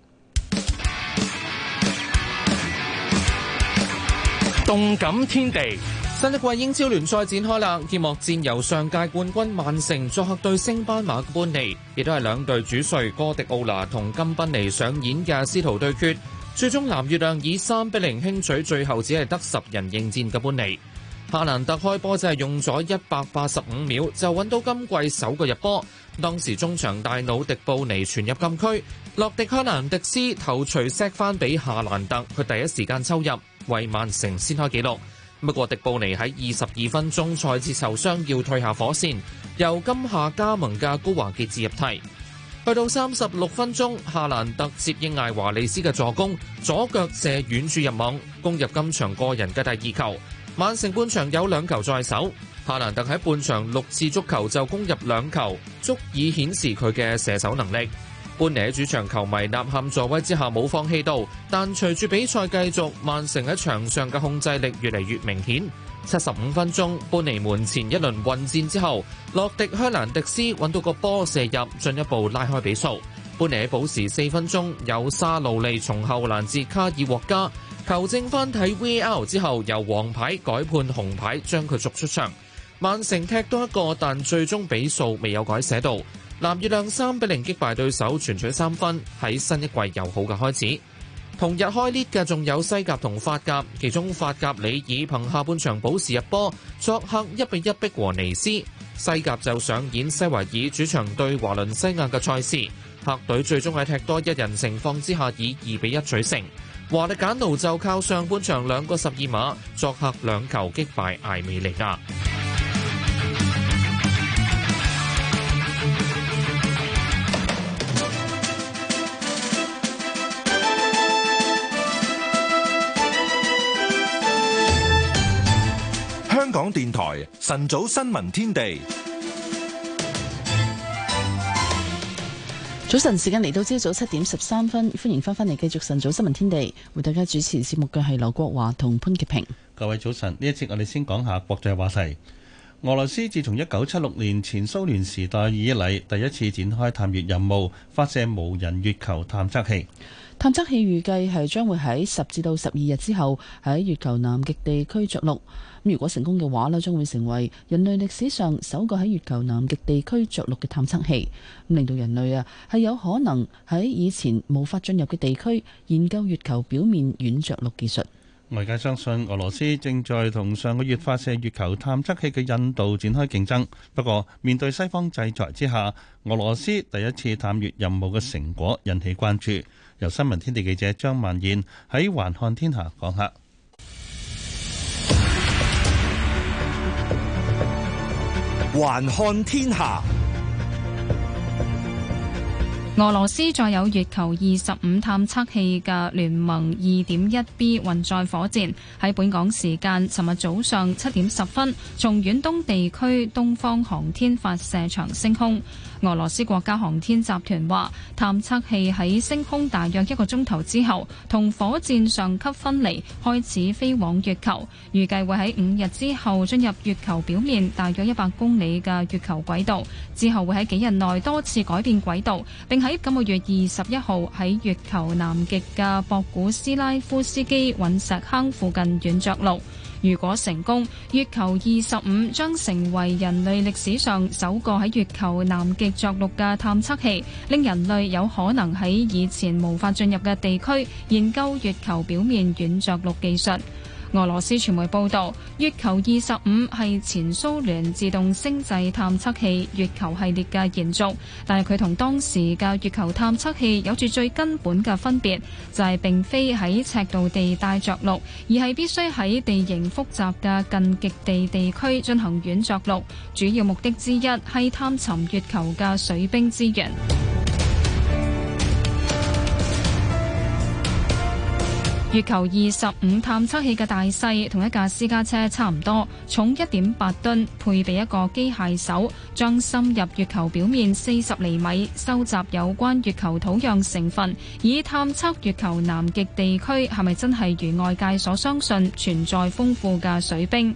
動感天地，新一季英超聯賽展開啦，揭幕戰由上屆冠軍曼城作客對升班馬嘅般尼，亦都係兩隊主帥哥迪奧拿同甘賓尼上演嘅師徒對決。最終藍月亮以三比零輕取，最後只係得十人應戰嘅般尼。夏蘭特開波就係用咗一百八十五秒就揾到今季首個入波。當時中場大腦迪布尼傳入禁區，洛迪克蘭迪斯頭錘射翻俾夏蘭特，佢第一時間抽入，為曼城先開紀錄。不過迪布尼喺二十二分鐘賽至受傷要退下火線，由今夏加盟嘅高華杰入替。去到三十六分鐘，夏蘭特接應艾華利斯嘅助攻，左腳射遠柱入網，攻入今場個人嘅第二球。曼城半場有兩球在手，夏蘭特喺半場六次足球就攻入兩球，足以顯示佢嘅射手能力。本尼喺主場球迷吶喊助威之下冇放棄到，但隨住比賽繼續，曼城喺場上嘅控制力越嚟越明顯。七十五分鐘，本尼門前一輪混戰之後，洛迪克蘭迪斯揾到個波射入，進一步拉開比數。本尼喺補時四分鐘，由沙路利從後攔截卡爾獲加，球證翻睇 VAR 之後，由黃牌改判紅牌，將佢逐出場。曼城踢多一個，但最終比數未有改寫到。藍月亮三比零擊敗對手，全取三分，喺新一季有好嘅開始。同日開鑼嘅仲有西甲同法甲，其中法甲里爾憑下半場保時入波作客一比一逼和尼斯，西甲就上演西維爾主場對華倫西亞嘅賽事，客隊最終喺踢多一人情況之下以二比一取勝。華力簡奴就靠上半場兩個十二碼作客兩球擊敗艾美利亞。港電台晨早新聞天地，早晨時間嚟到，朝早七點十三分，歡迎翻返嚟繼續晨早新聞天地。為大家主持節目嘅係劉國華同潘潔平。各位早晨，呢一節我哋先講下國際話題。俄羅斯自從一九七六年前蘇聯時代以嚟，第一次展開探月任務，發射無人月球探測器。探測器預計係將會喺十至到十二日之後喺月球南極地區着陸。咁如果成功嘅話咧，將會成為人類歷史上首個喺月球南極地區着陸嘅探測器，令到人類啊係有可能喺以前無法進入嘅地區研究月球表面軟着陸技術。外界相信俄羅斯正在同上個月發射月球探測器嘅印度展開競爭。不過面對西方制裁之下，俄羅斯第一次探月任務嘅成果引起關注。由新聞天地記者張萬燕喺環看天下講下。環看天下，俄羅斯載有月球二十五探測器嘅聯盟二點一 B 運載火箭喺本港時間尋日早上七點十分，從遠東地區東方航天發射場升空。俄羅斯國家航天集團話，探測器喺升空大約一個鐘頭之後，同火箭上級分離，開始飛往月球，預計會喺五日之後進入月球表面大約一百公里嘅月球軌道，之後會喺幾日內多次改變軌道，並喺今個月二十一號喺月球南極嘅博古斯拉夫斯基隕石坑附近軟着陸。如果成功，月球二十五將成為人類歷史上首個喺月球南極着陸嘅探測器，令人類有可能喺以前無法進入嘅地區研究月球表面軟着陸技術。俄羅斯傳媒報道，月球二十五係前蘇聯自動星際探測器月球系列嘅延續，但係佢同當時嘅月球探測器有住最根本嘅分別，就係、是、並非喺赤道地帶着陸，而係必須喺地形複雜嘅近極地地區進行軟着陸，主要目的之一係探尋月球嘅水冰資源。月球二十五探測器嘅大細同一架私家車差唔多，重一點八噸，配備一個機械手，將深入月球表面四十厘米，收集有關月球土壤成分，以探測月球南極地區係咪真係如外界所相信存在豐富嘅水冰。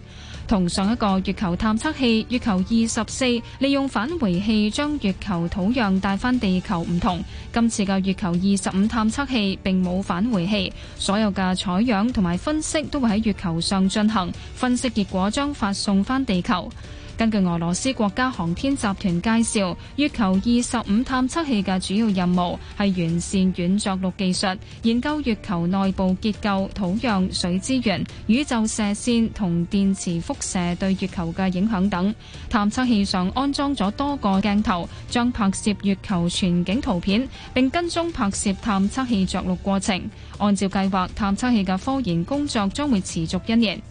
同上一個月球探測器月球二十四利用返回器將月球土壤帶返地球唔同，今次嘅月球二十五探測器並冇返回器，所有嘅採樣同埋分析都會喺月球上進行，分析結果將發送返地球。根據俄羅斯國家航天集團介紹，月球二十五探測器嘅主要任務係完善軟着陸技術，研究月球內部結構、土壤、水資源、宇宙射線同電磁輻射對月球嘅影響等。探測器上安裝咗多個鏡頭，將拍攝月球全景圖片，並跟蹤拍攝探測器着陸過程。按照計劃，探測器嘅科研工作將會持續一年。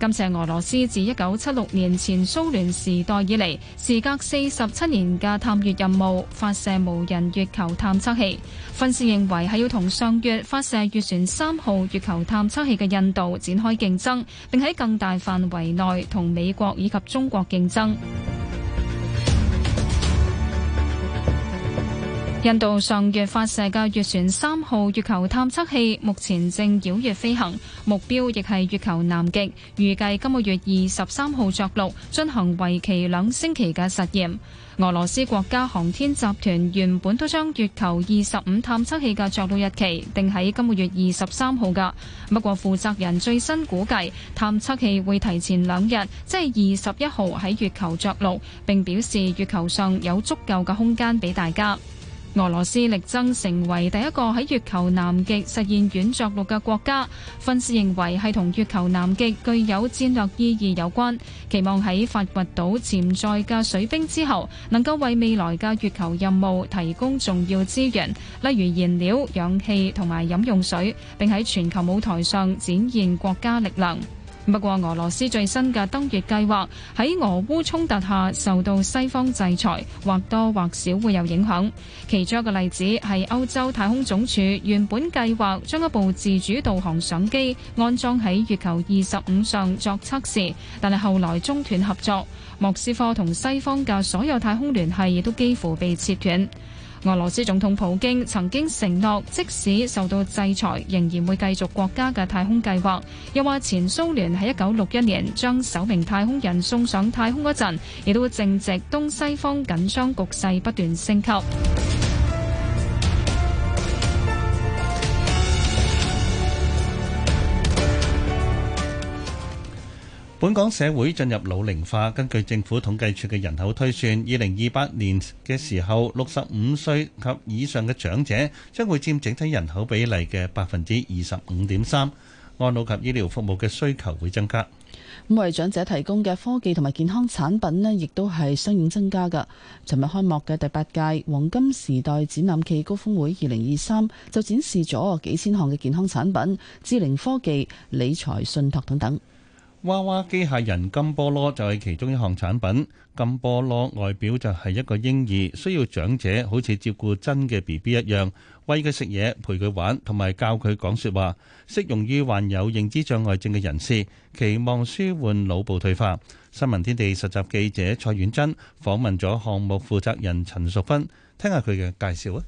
今次俄羅斯自一九七六年前蘇聯時代以嚟，時隔四十七年嘅探月任務，發射無人月球探測器。分析認為係要同上月發射月船三號月球探測器嘅印度展開競爭，並喺更大範圍內同美國以及中國競爭。印度上月發射嘅月船三號月球探測器目前正繞月飛行，目標亦係月球南極，預計今個月二十三號着陸，進行為期兩星期嘅實驗。俄羅斯國家航天集團原本都將月球二十五探測器嘅着陸日期定喺今個月二十三號㗎，不過負責人最新估計，探測器會提前兩日，即係二十一號喺月球着陸，並表示月球上有足夠嘅空間俾大家。俄羅斯力爭成為第一個喺月球南極實現軟着陸嘅國家。分析認為係同月球南極具有戰略意義有關，期望喺發掘到潛在嘅水冰之後，能夠為未來嘅月球任務提供重要資源，例如燃料、氧氣同埋飲用水，並喺全球舞台上展現國家力量。不過，俄羅斯最新嘅登月計劃喺俄烏衝突下受到西方制裁，或多或少會有影響。其中一個例子係歐洲太空總署原本計劃將一部自主導航相機安裝喺月球二十五上作測試，但係後來中斷合作，莫斯科同西方嘅所有太空聯繫亦都幾乎被切斷。俄羅斯總統普京曾經承諾，即使受到制裁，仍然會繼續國家嘅太空計劃。又話前蘇聯喺一九六一年將首名太空人送上太空嗰陣，亦都會正值東西方緊張局勢不斷升級。本港社會進入老年化，根據政府統計處嘅人口推算，二零二八年嘅時候，六十五歲及以上嘅長者將會佔整體人口比例嘅百分之二十五點三，安老及醫療服務嘅需求會增加。咁為長者提供嘅科技同埋健康產品呢，亦都係相應增加㗎。尋日開幕嘅第八屆黃金時代展覽暨高峰會二零二三就展示咗幾千項嘅健康產品、智靈科技、理財、信託等等。娃娃機械人金波羅就係其中一項產品。金波羅外表就係一個嬰兒，需要長者好似照顧真嘅 BB 一樣，喂佢食嘢，陪佢玩，同埋教佢講說話，適用於患有認知障礙症嘅人士，期望舒緩腦部退化。新聞天地實習記者蔡婉珍訪問咗項目負責人陳淑芬，聽下佢嘅介紹啊！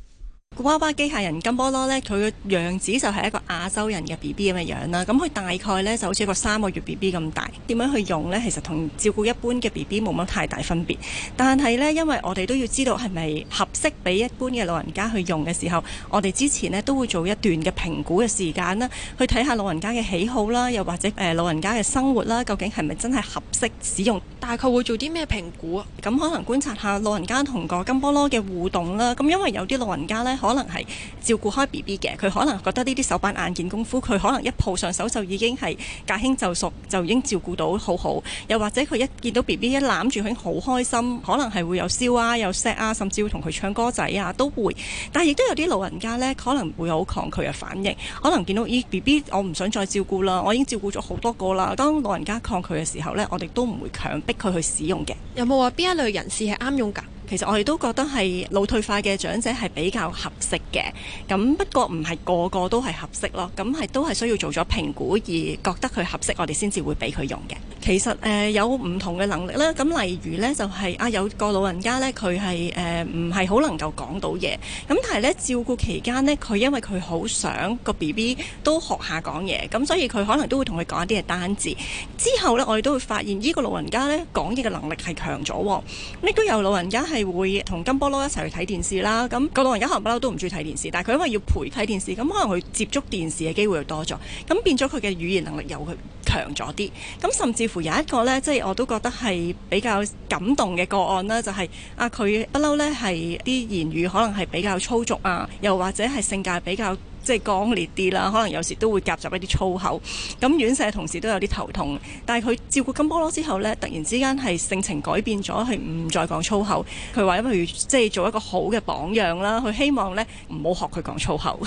古娃娃機械人金波羅呢，佢嘅樣子就係一個亞洲人嘅 B B 咁嘅樣啦。咁佢大概呢，就好似一個三個月 B B 咁大。點樣去用呢？其實同照顧一般嘅 B B 冇乜太大分別。但係呢，因為我哋都要知道係咪合適俾一般嘅老人家去用嘅時候，我哋之前呢都會做一段嘅評估嘅時間啦，去睇下老人家嘅喜好啦，又或者誒、呃、老人家嘅生活啦，究竟係咪真係合適使用？大概會做啲咩評估啊？咁可能觀察下老人家同個金波羅嘅互動啦。咁因為有啲老人家呢。可能係照顧開 B B 嘅，佢可能覺得呢啲手板眼見功夫，佢可能一抱上手就已經係駕輕就熟，就已經照顧到好好。又或者佢一見到 B B 一攬住佢已經好開心，可能係會有笑啊、有錫啊，甚至會同佢唱歌仔啊，都會。但係亦都有啲老人家呢，可能會有抗拒嘅反應。可能見到咦 B B，我唔想再照顧啦，我已經照顧咗好多個啦。當老人家抗拒嘅時候呢，我哋都唔會強迫佢去使用嘅。有冇話邊一類人士係啱用㗎？其實我哋都覺得係腦退化嘅長者係比較合適嘅，咁不過唔係個個都係合適咯，咁係都係需要做咗評估而覺得佢合適，我哋先至會俾佢用嘅。其實誒有唔同嘅能力啦。咁例如呢，就係啊有個老人家呢佢係誒唔係好能夠講到嘢，咁但係呢，照顧期間呢，佢因為佢好想個 B B 都學下講嘢，咁所以佢可能都會同佢講一啲嘅單字。之後呢，我哋都會發現呢個老人家呢講嘢嘅能力係強咗，咁亦都有老人家係會同金菠蘿一齊去睇電視啦。咁個老人家可能不嬲都唔中意睇電視，但係佢因為要陪睇電視，咁可能佢接觸電視嘅機會又多咗，咁變咗佢嘅語言能力又強咗啲，咁甚至乎有一個咧，即係我都覺得係比較感動嘅個案啦，就係啊佢不嬲咧，係啲言語可能係比較粗俗啊，又或者係性格比較即係剛烈啲啦，可能有時都會夾雜一啲粗口。咁院舍同事都有啲頭痛，但係佢照顧金菠蘿之後咧，突然之間係性情改變咗，佢唔再講粗口。佢話不如即係做一個好嘅榜樣啦，佢希望咧，唔好學佢講粗口。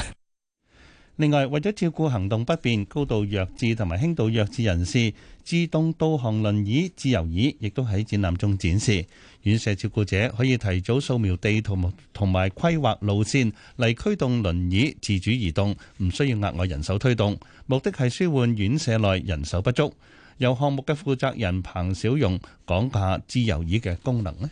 另外，為咗照顧行動不便、高度弱智同埋輕度弱智人士，自動導航輪椅、自由椅亦都喺展覽中展示。院舍照顧者可以提早掃描地圖同埋規劃路線嚟驅動輪椅自主移動，唔需要額外人手推動。目的係舒緩院舍內人手不足。由項目嘅負責人彭小勇講下自由椅嘅功能咧。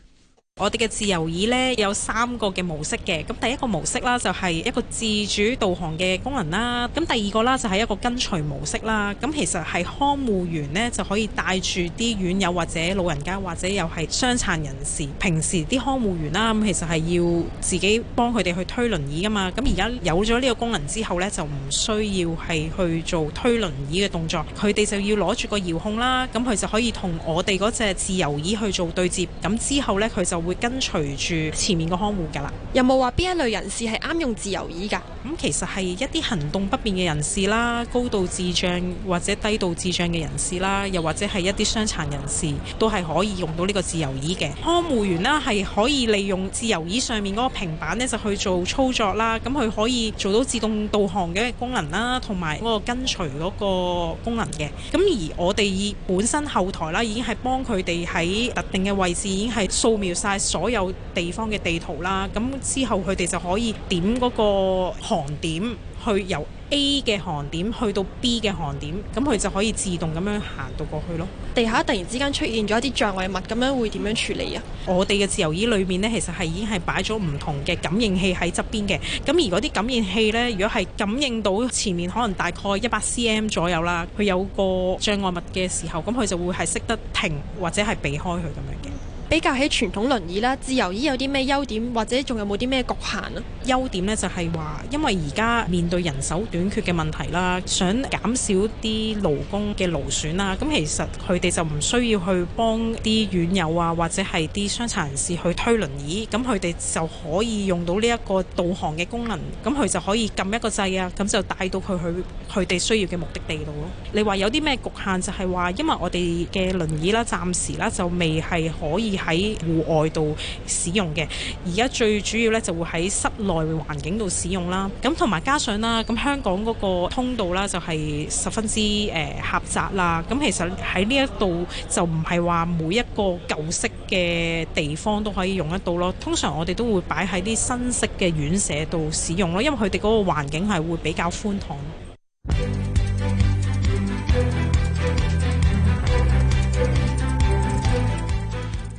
我哋嘅自由椅呢，有三個嘅模式嘅，咁第一個模式啦就係一個自主導航嘅功能啦，咁第二個啦就係一個跟隨模式啦，咁其實係看護員呢，就可以帶住啲院友或者老人家或者又係傷殘人士，平時啲看護員啦，咁其實係要自己幫佢哋去推輪椅噶嘛，咁而家有咗呢個功能之後呢，就唔需要係去做推輪椅嘅動作，佢哋就要攞住個遙控啦，咁佢就可以同我哋嗰隻自由椅去做對接，咁之後呢，佢就。會跟隨住前面個看護㗎啦。有冇話邊一類人士係啱用自由椅㗎？咁其實係一啲行動不便嘅人士啦，高度智障或者低度智障嘅人士啦，又或者係一啲傷殘人士，都係可以用到呢個自由椅嘅。看護員啦，係可以利用自由椅上面嗰個平板呢，就去做操作啦。咁佢可以做到自動導航嘅功能啦，同埋嗰個跟隨嗰個功能嘅。咁而我哋本身後台啦，已經係幫佢哋喺特定嘅位置已經係掃描曬。所有地方嘅地圖啦，咁之後，佢哋就可以點嗰個航點去由 A 嘅航點去到 B 嘅航點，咁佢就可以自動咁樣行到過去咯。地下突然之間出現咗一啲障礙物，咁樣會點樣處理啊？我哋嘅自由椅裏面咧，其實係已經係擺咗唔同嘅感應器喺側邊嘅。咁而嗰啲感應器咧，如果係感應到前面可能大概一百 cm 左右啦，佢有個障礙物嘅時候，咁佢就會係識得停或者係避開佢咁樣嘅。比較起傳統輪椅啦，自由椅有啲咩優點，或者仲有冇啲咩局限啊？優點呢就係話，因為而家面對人手短缺嘅問題啦，想減少啲勞工嘅勞損啦，咁其實佢哋就唔需要去幫啲院友啊，或者係啲傷殘人士去推輪椅，咁佢哋就可以用到呢一個導航嘅功能，咁佢就可以撳一個掣啊，咁就帶到佢去佢哋需要嘅目的地度咯。你話有啲咩局限就係話，因為我哋嘅輪椅啦，暫時啦就未係可以，喺戶外度使用嘅，而家最主要咧就會喺室內環境度使用啦。咁同埋加上啦，咁香港嗰個通道啦就係十分之誒狹窄啦。咁其實喺呢一度就唔係話每一個舊式嘅地方都可以用得到咯。通常我哋都會擺喺啲新式嘅院舍度使用咯，因為佢哋嗰個環境係會比較寬敞。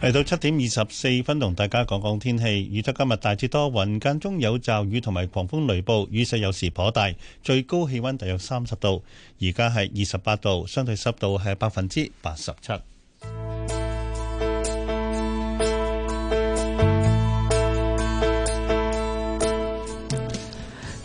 嚟到七點二十四分，同大家講講天氣預測。今日大致多雲間中有驟雨同埋狂風雷暴，雨勢有時頗大，最高氣溫大約三十度。而家係二十八度，相對濕度係百分之八十七。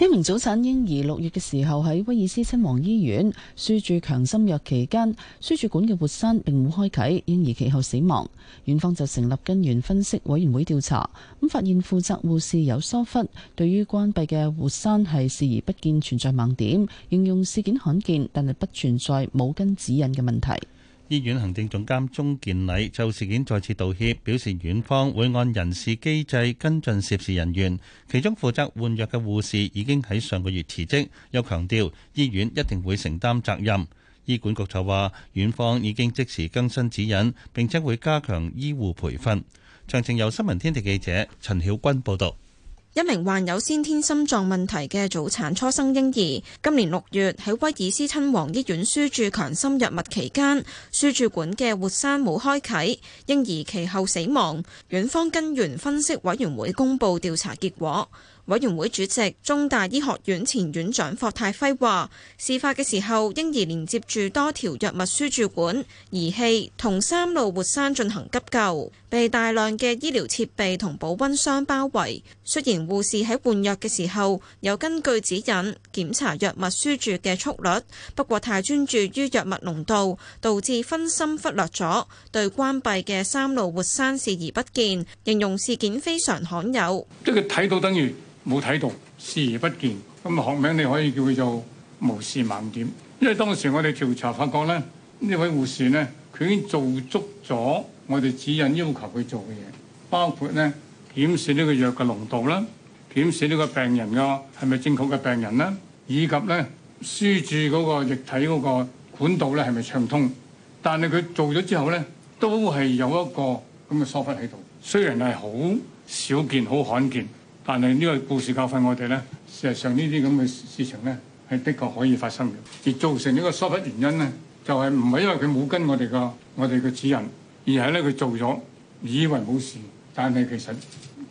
一名早產嬰兒六月嘅時候喺威爾斯親王醫院輸注強心藥期間，輸注管嘅活栓並冇開啟，嬰兒其後死亡。院方就成立根源分析委員會調查，咁發現負責護士有疏忽，對於關閉嘅活栓係視而不見，存在盲點，形容事件罕見，但係不存在冇根指引嘅問題。醫院行政總監鍾建禮就事件再次道歉，表示院方會按人事機制跟進涉事人員，其中負責換藥嘅護士已經喺上個月辭職。又強調醫院一定會承擔責任。醫管局就話，院方已經即時更新指引，並且會加強醫護培訓。詳情由新聞天地記者陳曉君報道。一名患有先天心臟問題嘅早產初生嬰兒，今年六月喺威爾斯親王醫院輸注強心藥物期間，輸注管嘅活塞冇開啟，嬰兒其後死亡。院方根源分析委員會公布調查結果，委員會主席中大醫學院前院長霍泰輝話，事發嘅時候，嬰兒連接住多條藥物輸注管、儀器同三路活塞進行急救。被大量嘅醫療設備同保溫箱包圍，雖然護士喺換藥嘅時候有根據指引檢查藥物輸注嘅速率，不過太專注於藥物濃度，導致分心忽略咗對關閉嘅三路活塞視而不見，形容事件非常罕有。即係佢睇到等於冇睇到，視而不見，咁學名你可以叫佢做無視盲點。因為當時我哋調查發覺咧，呢位護士咧佢已經做足咗。我哋指引要求佢做嘅嘢，包括咧檢視呢個藥嘅濃度啦，檢視呢個病人啊，係咪正確嘅病人啦，以及咧輸注嗰個液體嗰個管道咧，係咪暢通。但係佢做咗之後咧，都係有一個咁嘅疏忽喺度。雖然係好少見好罕見，但係呢個故事教訓我哋咧，事實上呢啲咁嘅事情咧，係的確可以發生嘅。而造成呢個疏忽原因咧，就係唔係因為佢冇跟我哋個我哋嘅指引。而係咧，佢做咗以為冇事，但係其實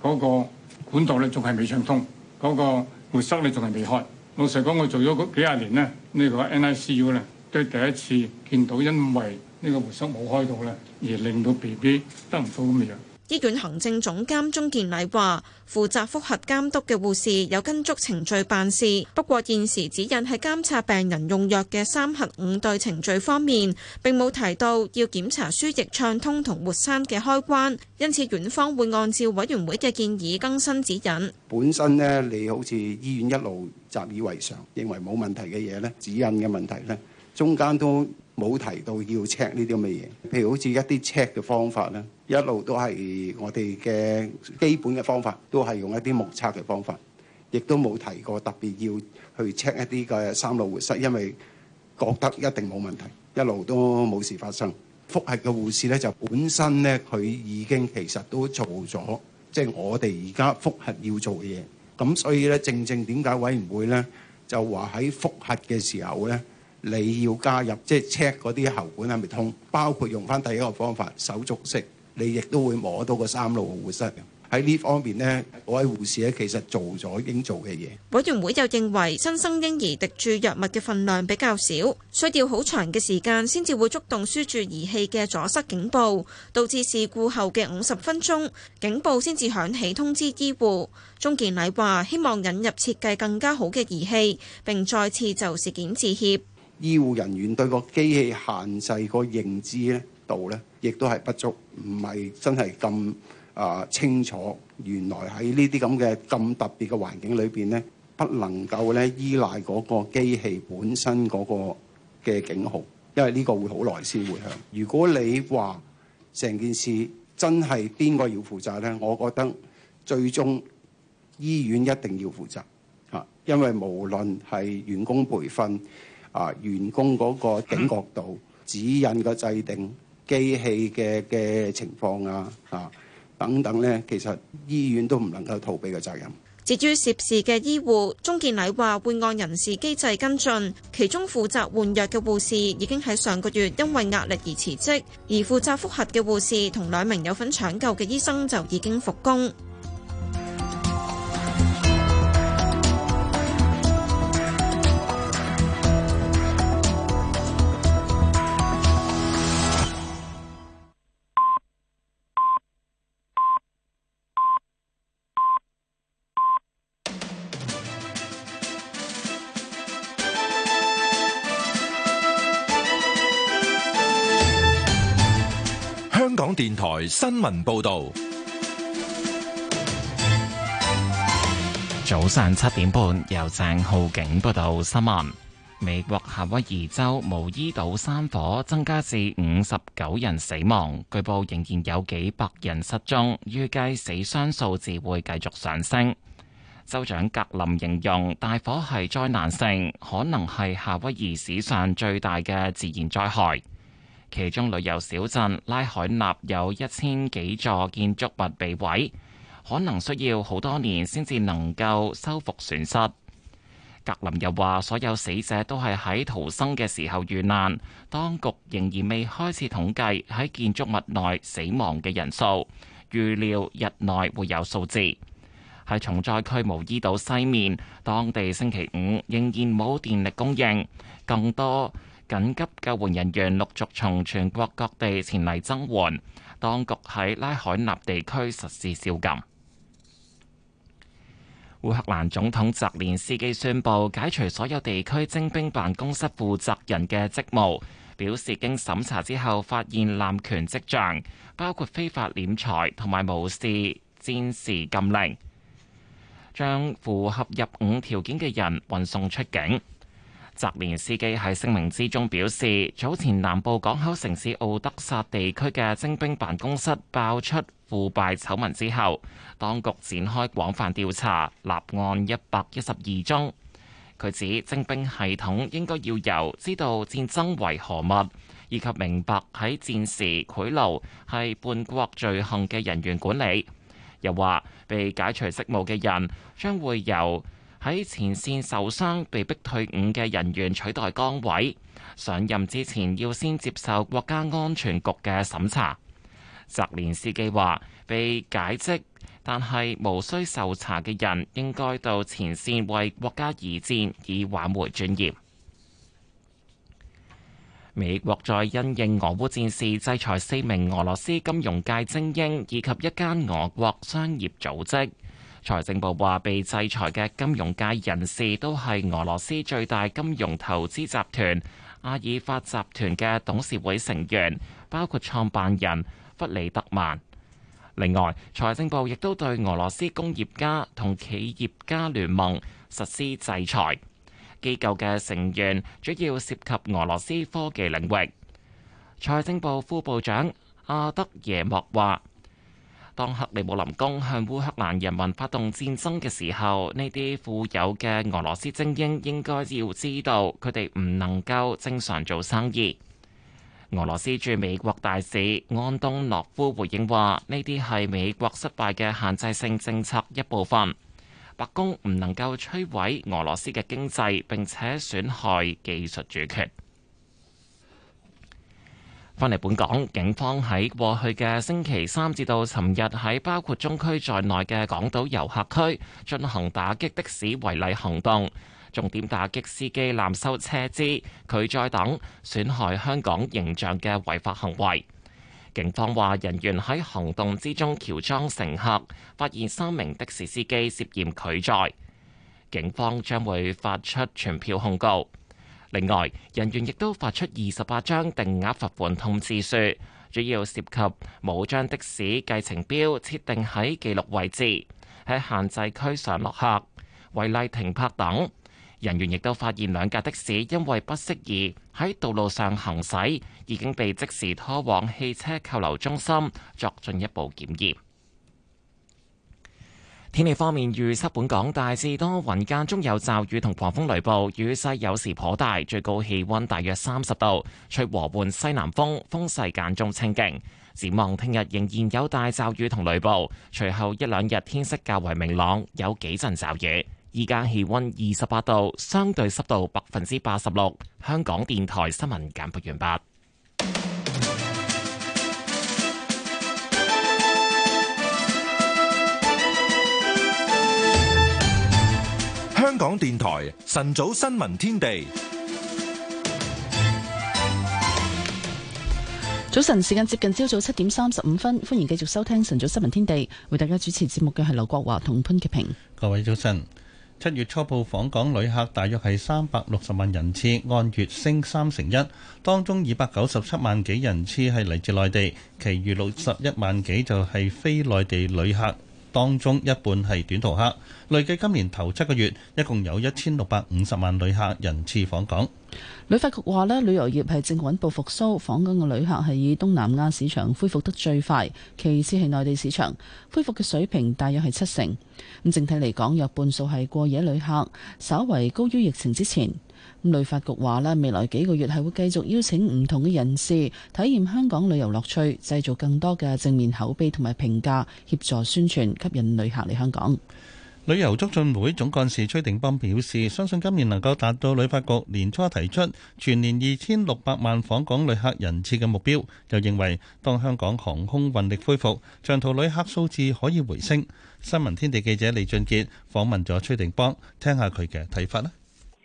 嗰個管道咧仲係未暢通，嗰、那個活塞咧仲係未開。老實講，我做咗幾幾廿年咧，這個、呢個 NICU 咧都第一次見到，因為呢個活塞冇開到咧，而令到 BB 得唔到咁嘅樣。醫院行政總監鍾建禮話，負責複核監督嘅護士有跟足程序辦事，不過現時指引係監察病人用藥嘅三核五對程序方面，並冇提到要檢查輸液暢通同活塞嘅開關，因此院方會按照委員會嘅建議更新指引。本身呢，你好似醫院一路習以為常，認為冇問題嘅嘢咧，指引嘅問題咧，中間都冇提到要 check 呢啲咁嘅嘢，譬如好似一啲 check 嘅方法咧，一路都係我哋嘅基本嘅方法，都係用一啲目測嘅方法，亦都冇提過特別要去 check 一啲嘅三路活塞，因為覺得一定冇問題，一路都冇事發生。複核嘅護士咧就本身咧佢已經其實都做咗，即係我哋而家複核要做嘅嘢咁，所以咧正正點解委員會咧就話喺複核嘅時候咧你要加入即係 check 嗰啲喉管係咪通，包括用翻第一個方法手足式。你亦都會摸到個三路護士喺呢方面咧，嗰位護士咧其實做咗應做嘅嘢。委員會又認為新生嬰兒滴注藥物嘅分量比較少，需要好長嘅時間先至會觸動輸注儀器嘅阻塞警報，導致事故後嘅五十分鐘警報先至響起通知醫護。鍾健禮話：希望引入設計更加好嘅儀器，並再次就事件致歉。醫護人員對個機器限制個認知咧，度咧，亦都係不足，唔係真係咁啊清楚。原來喺呢啲咁嘅咁特別嘅環境裏邊咧，不能夠咧依賴嗰個機器本身嗰個嘅警號，因為呢個會好耐先會響。如果你話成件事真係邊個要負責咧，我覺得最終醫院一定要負責嚇，因為無論係員工培訓啊、員工嗰個警覺度、指引嘅制定，機器嘅嘅情況啊、啊等等呢，其實醫院都唔能夠逃避嘅責任。至於涉事嘅醫護，鍾健禮話會按人事機制跟進，其中負責換藥嘅護士已經喺上個月因為壓力而辭職，而負責複核嘅護士同兩名有份搶救嘅醫生就已經復工。電台新聞報道：早上七點半，由鄭浩景報道新聞。美國夏威夷州毛伊島山火增加至五十九人死亡，據報仍然有幾百人失蹤，預計死傷數字會繼續上升。州長格林形容大火係災難性，可能係夏威夷史上最大嘅自然災害。其中旅遊小鎮拉海納有一千幾座建築物被毀，可能需要好多年先至能夠修復損失。格林又話：所有死者都係喺逃生嘅時候遇難，當局仍然未開始統計喺建築物內死亡嘅人數，預料日內會有數字。喺重災區毛伊島西面，當地星期五仍然冇電力供應，更多。緊急救援人員陸續從全國各地前嚟增援，當局喺拉海納地區實施宵禁。烏克蘭總統澤連斯基宣佈解除所有地區徵兵辦公室負責人嘅職務，表示經審查之後發現濫權跡象，包括非法斂財同埋無視戰時禁令，將符合入伍條件嘅人運送出境。澤連斯基喺聲明之中表示，早前南部港口城市奧德薩地區嘅徵兵辦公室爆出腐敗醜聞之後，當局展開廣泛調查，立案一百一十二宗。佢指徵兵系統應該要由知道戰爭為何物，以及明白喺戰時賄賂係叛國罪行嘅人員管理。又話被解除職務嘅人將會由喺前線受傷、被逼退伍嘅人員取代崗位，上任之前要先接受國家安全局嘅審查。澤連斯基話：被解職但係無需受查嘅人，應該到前線為國家而戰，以挽回尊嚴。美國在因應俄烏戰事，制裁四名俄羅斯金融界精英以及一間俄國商業組織。財政部話，被制裁嘅金融界人士都係俄羅斯最大金融投資集團阿爾法集團嘅董事會成員，包括創辦人弗里德曼。另外，財政部亦都對俄羅斯工業家同企業家聯盟實施制裁，機構嘅成員主要涉及俄羅斯科技領域。財政部副部長阿德耶莫話。當克里姆林宮向烏克蘭人民發動戰爭嘅時候，呢啲富有嘅俄羅斯精英應該要知道，佢哋唔能夠正常做生意。俄羅斯駐美國大使安東諾夫回應話，呢啲係美國失敗嘅限制性政策一部分。白宮唔能夠摧毀俄羅斯嘅經濟，並且損害技術主權。返嚟本港，警方喺過去嘅星期三至到尋日喺包括中區在內嘅港島遊客區進行打擊的士違例行動，重點打擊司機濫收車資、拒載等損害香港形象嘅違法行為。警方話人員喺行動之中喬裝乘客，發現三名的士司機涉嫌拒載，警方將會發出傳票控告。另外，人員亦都發出二十八張定額罰款通知書，主要涉及冇將的士計程表設定喺記錄位置，喺限制區上落客、違例停泊等。人員亦都發現兩架的士因為不適宜喺道路上行駛，已經被即時拖往汽車扣留中心作進一步檢驗。天氣方面，預測本港大致多雲間中有驟雨同狂風雷暴，雨勢有時頗大，最高氣溫大約三十度，吹和緩西南風，風勢間中清勁。展望聽日仍然有大驟雨同雷暴，隨後一兩日天色較為明朗，有幾陣驟雨。依家氣溫二十八度，相對濕度百分之八十六。香港電台新聞簡報完畢。電台晨早新聞天地，早晨時間接近朝早七點三十五分，歡迎繼續收聽晨早新聞天地，為大家主持節目嘅係劉國華同潘潔平。各位早晨，七月初步訪港旅客大約係三百六十萬人次，按月升三成一，當中二百九十七萬幾人次係嚟自內地，其餘六十一萬幾就係非內地旅客。當中一半係短途客，累計今年頭七個月，一共有一千六百五十萬旅客人次訪港。旅發局話呢，旅遊業係正穩步復甦，訪港嘅旅客係以東南亞市場恢復得最快，其次係內地市場，恢復嘅水平大約係七成。咁整體嚟講，約半數係過夜旅客，稍為高於疫情之前。旅發局話咧，未來幾個月係會繼續邀請唔同嘅人士體驗香港旅遊樂趣，製造更多嘅正面口碑同埋評價，協助宣傳，吸引旅客嚟香港。旅遊促進會總幹事崔定邦表示，相信今年能夠達到旅發局年初提出全年二千六百萬訪港旅客人次嘅目標。又認為，當香港航空運力恢復，長途旅客數字可以回升。新聞天地記者李俊杰訪問咗崔定邦，聽下佢嘅睇法啦。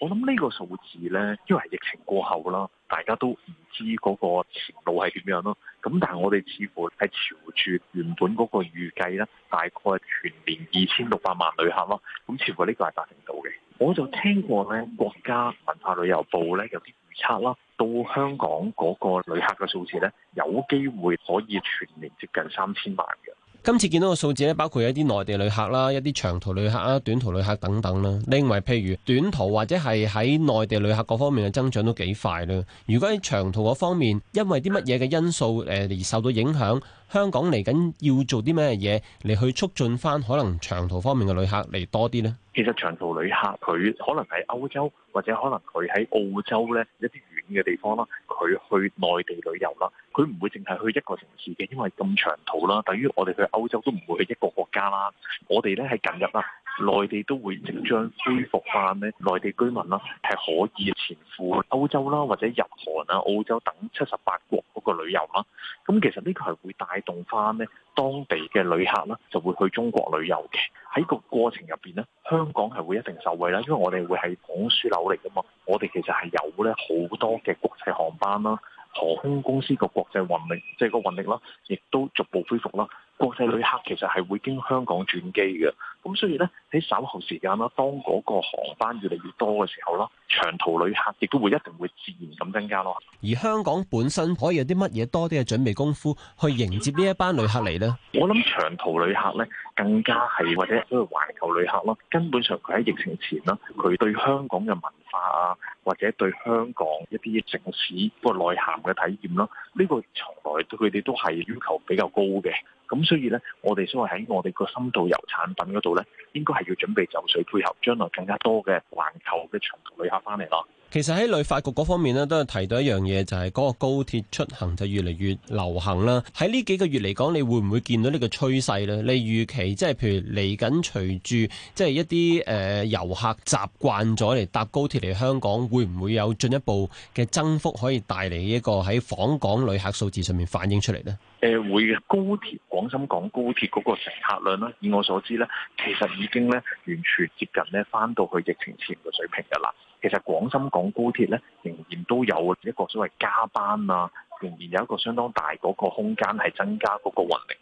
我諗呢個數字呢，因為疫情過後啦，大家都唔知嗰個前路係點樣咯。咁但係我哋似乎係朝住原本嗰個預計呢，大概係全年二千六百萬旅客咯。咁似乎呢個係達成到嘅。我就聽過呢，國家文化旅遊部呢，有啲預測啦，到香港嗰個旅客嘅數字呢，有機會可以全年接近三千萬嘅。今次見到嘅數字咧，包括一啲內地旅客啦，一啲長途旅客啊、短途旅客等等啦。你認為譬如短途或者係喺內地旅客各方面嘅增長都幾快咧？如果喺長途嗰方面，因為啲乜嘢嘅因素誒而受到影響，香港嚟緊要做啲咩嘢嚟去促進翻可能長途方面嘅旅客嚟多啲呢？其實長途旅客佢可能喺歐洲或者可能佢喺澳洲呢，一啲嘅地方啦，佢去內地旅遊啦，佢唔會淨係去一個城市嘅，因為咁長途啦，等於我哋去歐洲都唔會去一個國家啦，我哋咧係近日啦。內地都會即將恢復翻咧，內地居民啦係可以前赴歐洲啦，或者日韓啊、澳洲等七十八國嗰個旅遊啦。咁其實呢個係會帶動翻咧當地嘅旅客啦，就會去中國旅遊嘅。喺個過程入邊咧，香港係會一定受惠啦，因為我哋會係港樞紐嚟㗎嘛。我哋其實係有咧好多嘅國際航班啦，航空公司個國際運力，即係個運力啦，亦都逐步恢復啦。國際旅客其實係會經香港轉機嘅，咁所以呢，喺稍後時間啦，當嗰個航班越嚟越多嘅時候啦，長途旅客亦都會一定會自然咁增加咯。而香港本身可以有啲乜嘢多啲嘅準備功夫去迎接呢一班旅客嚟呢？我諗長途旅客呢，更加係或者都係環球旅客咯，根本上佢喺疫情前啦，佢對香港嘅文化啊，或者對香港一啲城市個內涵嘅體驗啦，呢個從來對佢哋都係要求比較高嘅。咁所以呢，我哋所以喺我哋個深度遊產品嗰度呢，應該係要準備就緒，配合將來更加多嘅環球嘅長途旅客翻嚟咯。其實喺旅發局嗰方面呢，都係提到一樣嘢，就係、是、嗰個高鐵出行就越嚟越流行啦。喺呢幾個月嚟講，你會唔會見到呢個趨勢呢？你預期即係譬如嚟緊隨住即係一啲誒遊客習慣咗嚟搭高鐵嚟香港，會唔會有進一步嘅增幅可以帶嚟一個喺訪港旅客數字上面反映出嚟呢？誒、呃、會嘅，高鐵，廣深港高鐵嗰個乘客量啦，以我所知咧，其實已經咧完全接近咧返到去疫情前嘅水平㗎啦。其實廣深港高鐵咧仍然都有一個所謂加班啊，仍然有一個相當大嗰個空間係增加嗰個運力。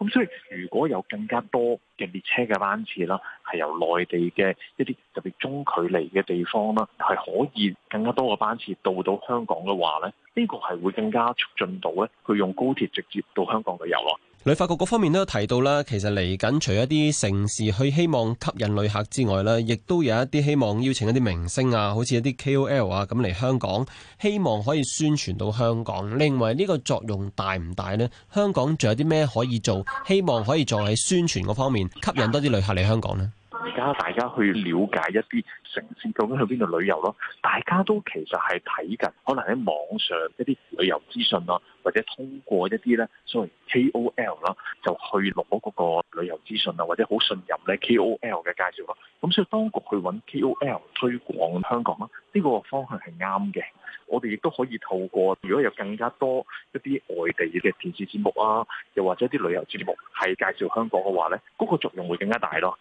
咁所以，如果有更加多嘅列車嘅班次啦，係由內地嘅一啲特別中距離嘅地方啦，係可以更加多嘅班次到到香港嘅話咧，呢、這個係會更加促進到咧佢用高鐵直接到香港旅遊咯。旅發局嗰方面都有提到啦，其實嚟緊除一啲城市去希望吸引旅客之外呢，亦都有一啲希望邀請一啲明星啊，好似一啲 KOL 啊咁嚟香港，希望可以宣傳到香港。另外，呢個作用大唔大呢？香港仲有啲咩可以做，希望可以再喺宣傳嗰方面吸引多啲旅客嚟香港呢？而家大家去了解一啲城市，究竟去邊度旅遊咯？大家都其實係睇緊可能喺網上一啲旅遊資訊咯，或者通過一啲咧所謂 KOL 啦，就去攞嗰個旅遊資訊啊，或者好信任咧 KOL 嘅介紹咯。咁所以當局去揾 KOL 推廣香港啦，呢個方向係啱嘅。我哋亦都可以透過如果有更加多一啲外地嘅電視節目啊，又或者啲旅遊節目係介紹香港嘅話咧，嗰個作用會更加大咯。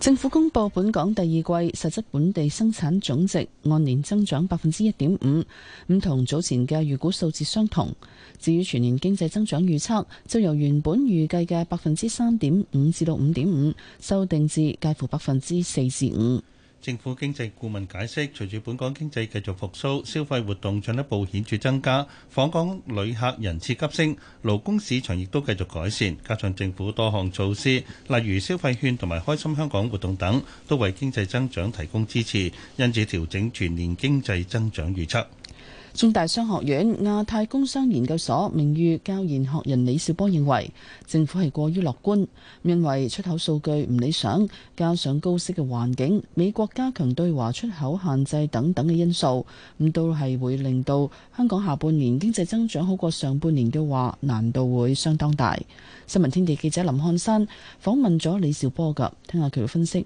政府公布本港第二季實質本地生產總值按年增長百分之一點五，同早前嘅預估數字相同。至於全年經濟增長預測，就由原本預計嘅百分之三點五至到五點五，修訂至介乎百分之四至五。政府經濟顧問解釋，隨住本港經濟繼續復甦，消費活動進一步顯著增加，訪港旅客人次急升，勞工市場亦都繼續改善。加上政府多項措施，例如消費券同埋開心香港活動等，都為經濟增長提供支持，因此調整全年經濟增長預測。中大商學院亞太工商研究所名譽教研學人李兆波認為政府係過於樂觀，因為出口數據唔理想，加上高息嘅環境、美國加強對華出口限制等等嘅因素，咁都係會令到香港下半年經濟增長好過上半年嘅話難度會相當大。新聞天地記者林漢山訪問咗李兆波噶，聽下佢嘅分析。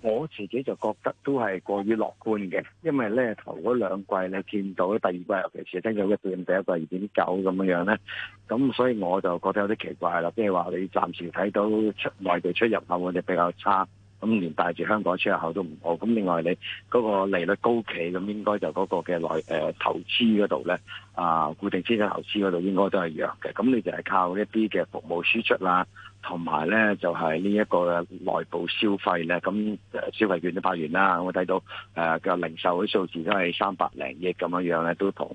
我自己就覺得都係過於樂觀嘅，因為咧頭嗰兩季你見到第二季尤其是真有一段第一季二點九咁樣樣咧，咁所以我就覺得有啲奇怪啦。即係話你暫時睇到出內地出入口岸嘅比較差，咁連帶住香港出入口都唔好。咁另外你嗰個利率高企，咁應該就嗰個嘅內誒投資嗰度咧啊，固定資產投資嗰度應該都係弱嘅。咁你就係靠一啲嘅服務輸出啦。同埋咧就係呢一個內部消費咧，咁消費券都發完啦，我睇到誒嘅、呃、零售嘅數字都係三百零億咁樣樣咧，都同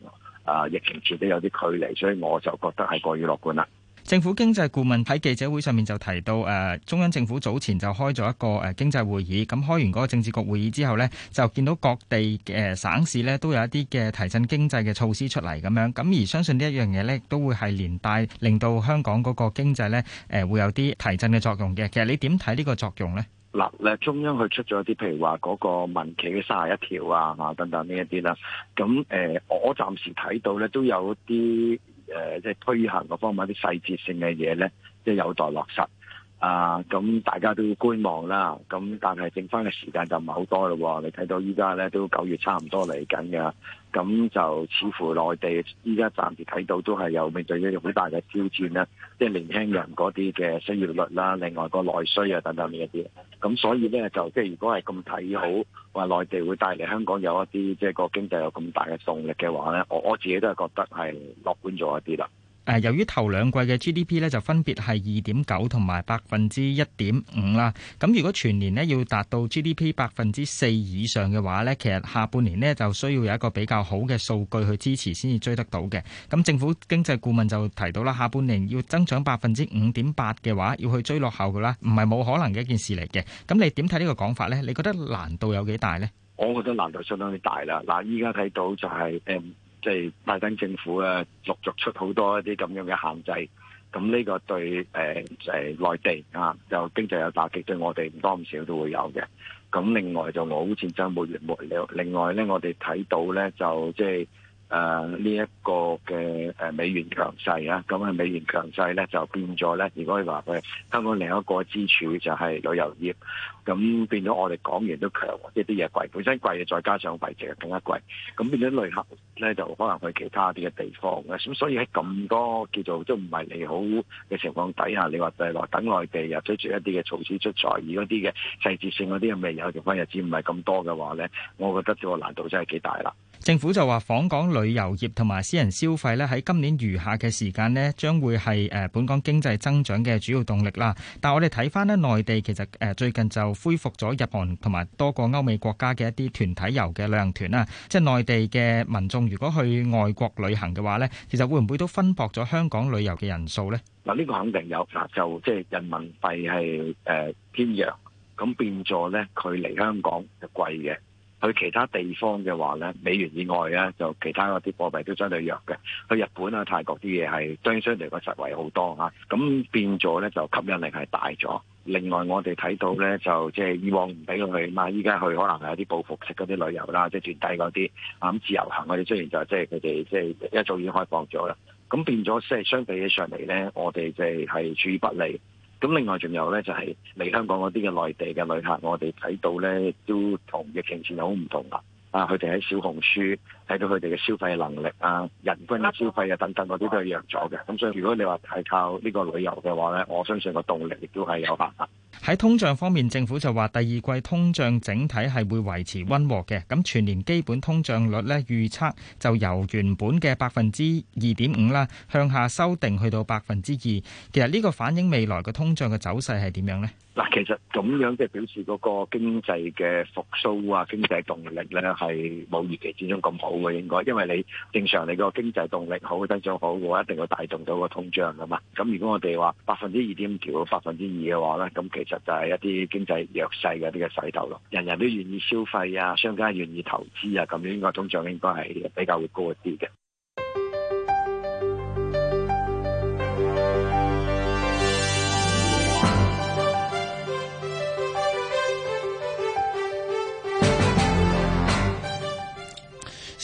啊、呃、疫情前都有啲距離，所以我就覺得係過於樂觀啦。政府經濟顧問喺記者會上面就提到，誒、呃、中央政府早前就開咗一個誒經濟會議，咁、嗯、開完嗰個政治局會議之後呢，就見到各地嘅、呃、省市呢，都有一啲嘅提振經濟嘅措施出嚟咁樣，咁而相信呢一樣嘢呢，都會係連帶令到香港嗰個經濟呢誒、呃、會有啲提振嘅作用嘅。其實你點睇呢個作用呢？嗱，中央佢出咗一啲，譬如話嗰個民企三十一條啊，等等呢一啲啦。咁誒、呃，我暫時睇到呢，都有一啲。誒，即係推行嘅方面啲細節性嘅嘢咧，即係有待落實。啊，咁大家都要觀望啦。咁但係剩翻嘅時間就唔係好多咯。你睇到依家咧都九月差唔多嚟緊嘅，咁就似乎內地依家暫時睇到都係有面對嘅好大嘅挑戰啦。即係年輕人嗰啲嘅失業率啦，另外個內需啊等等呢一啲，咁所以咧就即係如果係咁睇好話，內地會帶嚟香港有一啲即係個經濟有咁大嘅動力嘅話咧，我我自己都係覺得係樂觀咗一啲啦。誒，由於頭兩季嘅 GDP 咧，就分別係二點九同埋百分之一點五啦，咁如果全年呢要達到 GDP 百分之四以上嘅話呢，其實下半年呢就需要有一個比較好嘅數據去支持先至追得到嘅。咁政府經濟顧問就提到啦，下半年要增長百分之五點八嘅話，要去追落後噶啦，唔係冇可能嘅一件事嚟嘅。咁你點睇呢個講法呢？你覺得難度有幾大呢？我覺得難度相當之大啦。嗱，依家睇到就係、是、誒。嗯即係拜登政府啊，陸續出好多一啲咁樣嘅限制，咁呢個對誒誒內地啊，就經濟有打擊，對我哋唔多唔少都會有嘅。咁另外就我好似真，每月末了，另外咧我哋睇到咧就即係。就是誒呢一個嘅誒美元強勢啊，咁、嗯、啊美元強勢咧就變咗咧。如果你話佢香港另一個支柱就係旅遊業，咁變咗我哋港元都強，即啲嘢貴。本身貴嘅再加上匯價更加貴，咁變咗旅客咧就可能去其他啲嘅地方嘅。咁所以喺咁多叫做都唔係利好嘅情況底下，你話就係話等內地又推出一啲嘅措施出嚟，而嗰啲嘅細節性嗰啲嘅未有嘅分日子唔係咁多嘅話咧，我覺得這個難度真係幾大啦。政府就話，訪港旅遊業同埋私人消費咧，喺今年餘下嘅時間咧，將會係誒本港經濟增長嘅主要動力啦。但係我哋睇翻咧，內地其實誒最近就恢復咗日韓同埋多個歐美國家嘅一啲團體遊嘅旅行團啊，即係內地嘅民眾如果去外國旅行嘅話咧，其實會唔會都分薄咗香港旅遊嘅人數咧？嗱，呢個肯定有啊，就即係人民幣係誒偏弱，咁變咗咧，佢嚟香港就貴嘅。去其他地方嘅話咧，美元以外咧就其他嗰啲貨幣都相對弱嘅。去日本啊、泰國啲嘢係相對嚟講實惠好多嚇，咁變咗咧就吸引力係大咗。另外我哋睇到咧就即係以往唔俾佢去嘛，依家去可能係有啲報復式嗰啲旅遊啦，即係團體嗰啲啊，咁自由行我哋雖然就即係佢哋即係一早已經開放咗啦，咁變咗即係相比起上嚟咧，我哋即係係處於不利。咁另外仲有咧，就係嚟香港嗰啲嘅內地嘅旅客，我哋睇到咧，都同疫情前有好唔同㗎。啊，佢哋喺小紅書，睇到佢哋嘅消費能力啊、人均消費啊等等嗰啲都係弱咗嘅。咁所以如果你話係靠呢個旅遊嘅話呢，我相信個動力亦都係有辦法。喺通脹方面，政府就話第二季通脹整體係會維持溫和嘅，咁全年基本通脹率呢，預測就由原本嘅百分之二點五啦向下修訂，去到百分之二。其實呢個反映未來嘅通脹嘅走勢係點樣呢？嗱，其實咁樣即係表示嗰個經濟嘅復甦啊、經濟動力呢，係冇預期之中咁好。好嘅應該，因為你正常你個經濟動力好，增長好嘅話，我一定會帶動到個通脹㗎嘛。咁如果我哋話百分之二點五調到百分之二嘅話咧，咁其實就係一啲經濟弱勢嘅啲嘅勢頭咯。人人都願意消費啊，商家願意投資啊，咁呢個通脹應該係比較會高一啲嘅。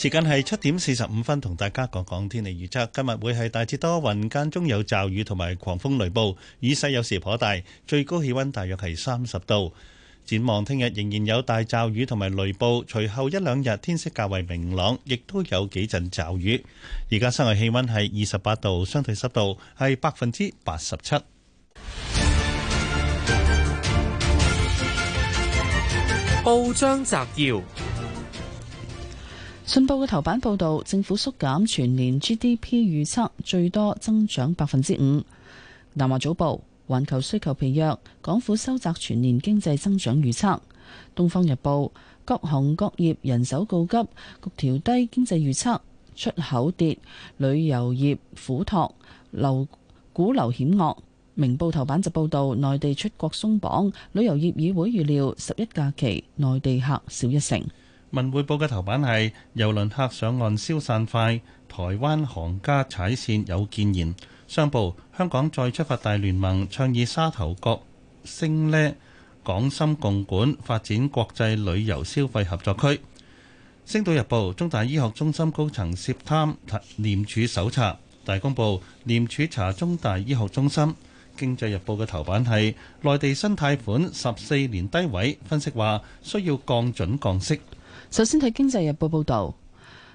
時間係七點四十五分，同大家講講天氣預測。今日會係大致多雲，間中有驟雨同埋狂風雷暴，雨勢有時頗大，最高氣溫大約係三十度。展望聽日仍然有大驟雨同埋雷暴，隨後一兩日天色較為明朗，亦都有幾陣驟雨。而家室外氣温係二十八度，相對濕度係百分之八十七。報章摘要。信報嘅頭版報導，政府縮減全年 GDP 預測最多增長百分之五。南華早報，環球需求疲弱，港府收窄全年經濟增長預測。東方日報，各行各業人手告急，局調低經濟預測，出口跌，旅遊業苦拓，樓股樓險惡。明報頭版就報導，內地出國鬆綁，旅遊業議會預料十一假期內地客少一成。文匯報嘅頭版係郵輪客上岸消散快，台灣行家踩線有建言。商報，香港再出發大聯盟倡議沙頭角升呢，港深共管發展國際旅遊消費合作區。星島日報，中大醫學中心高層涉貪，廉署搜查。大公報，廉署查中大醫學中心。經濟日報嘅頭版係內地新貸款十四年低位，分析話需要降準降息。首先睇《經濟日報》報導，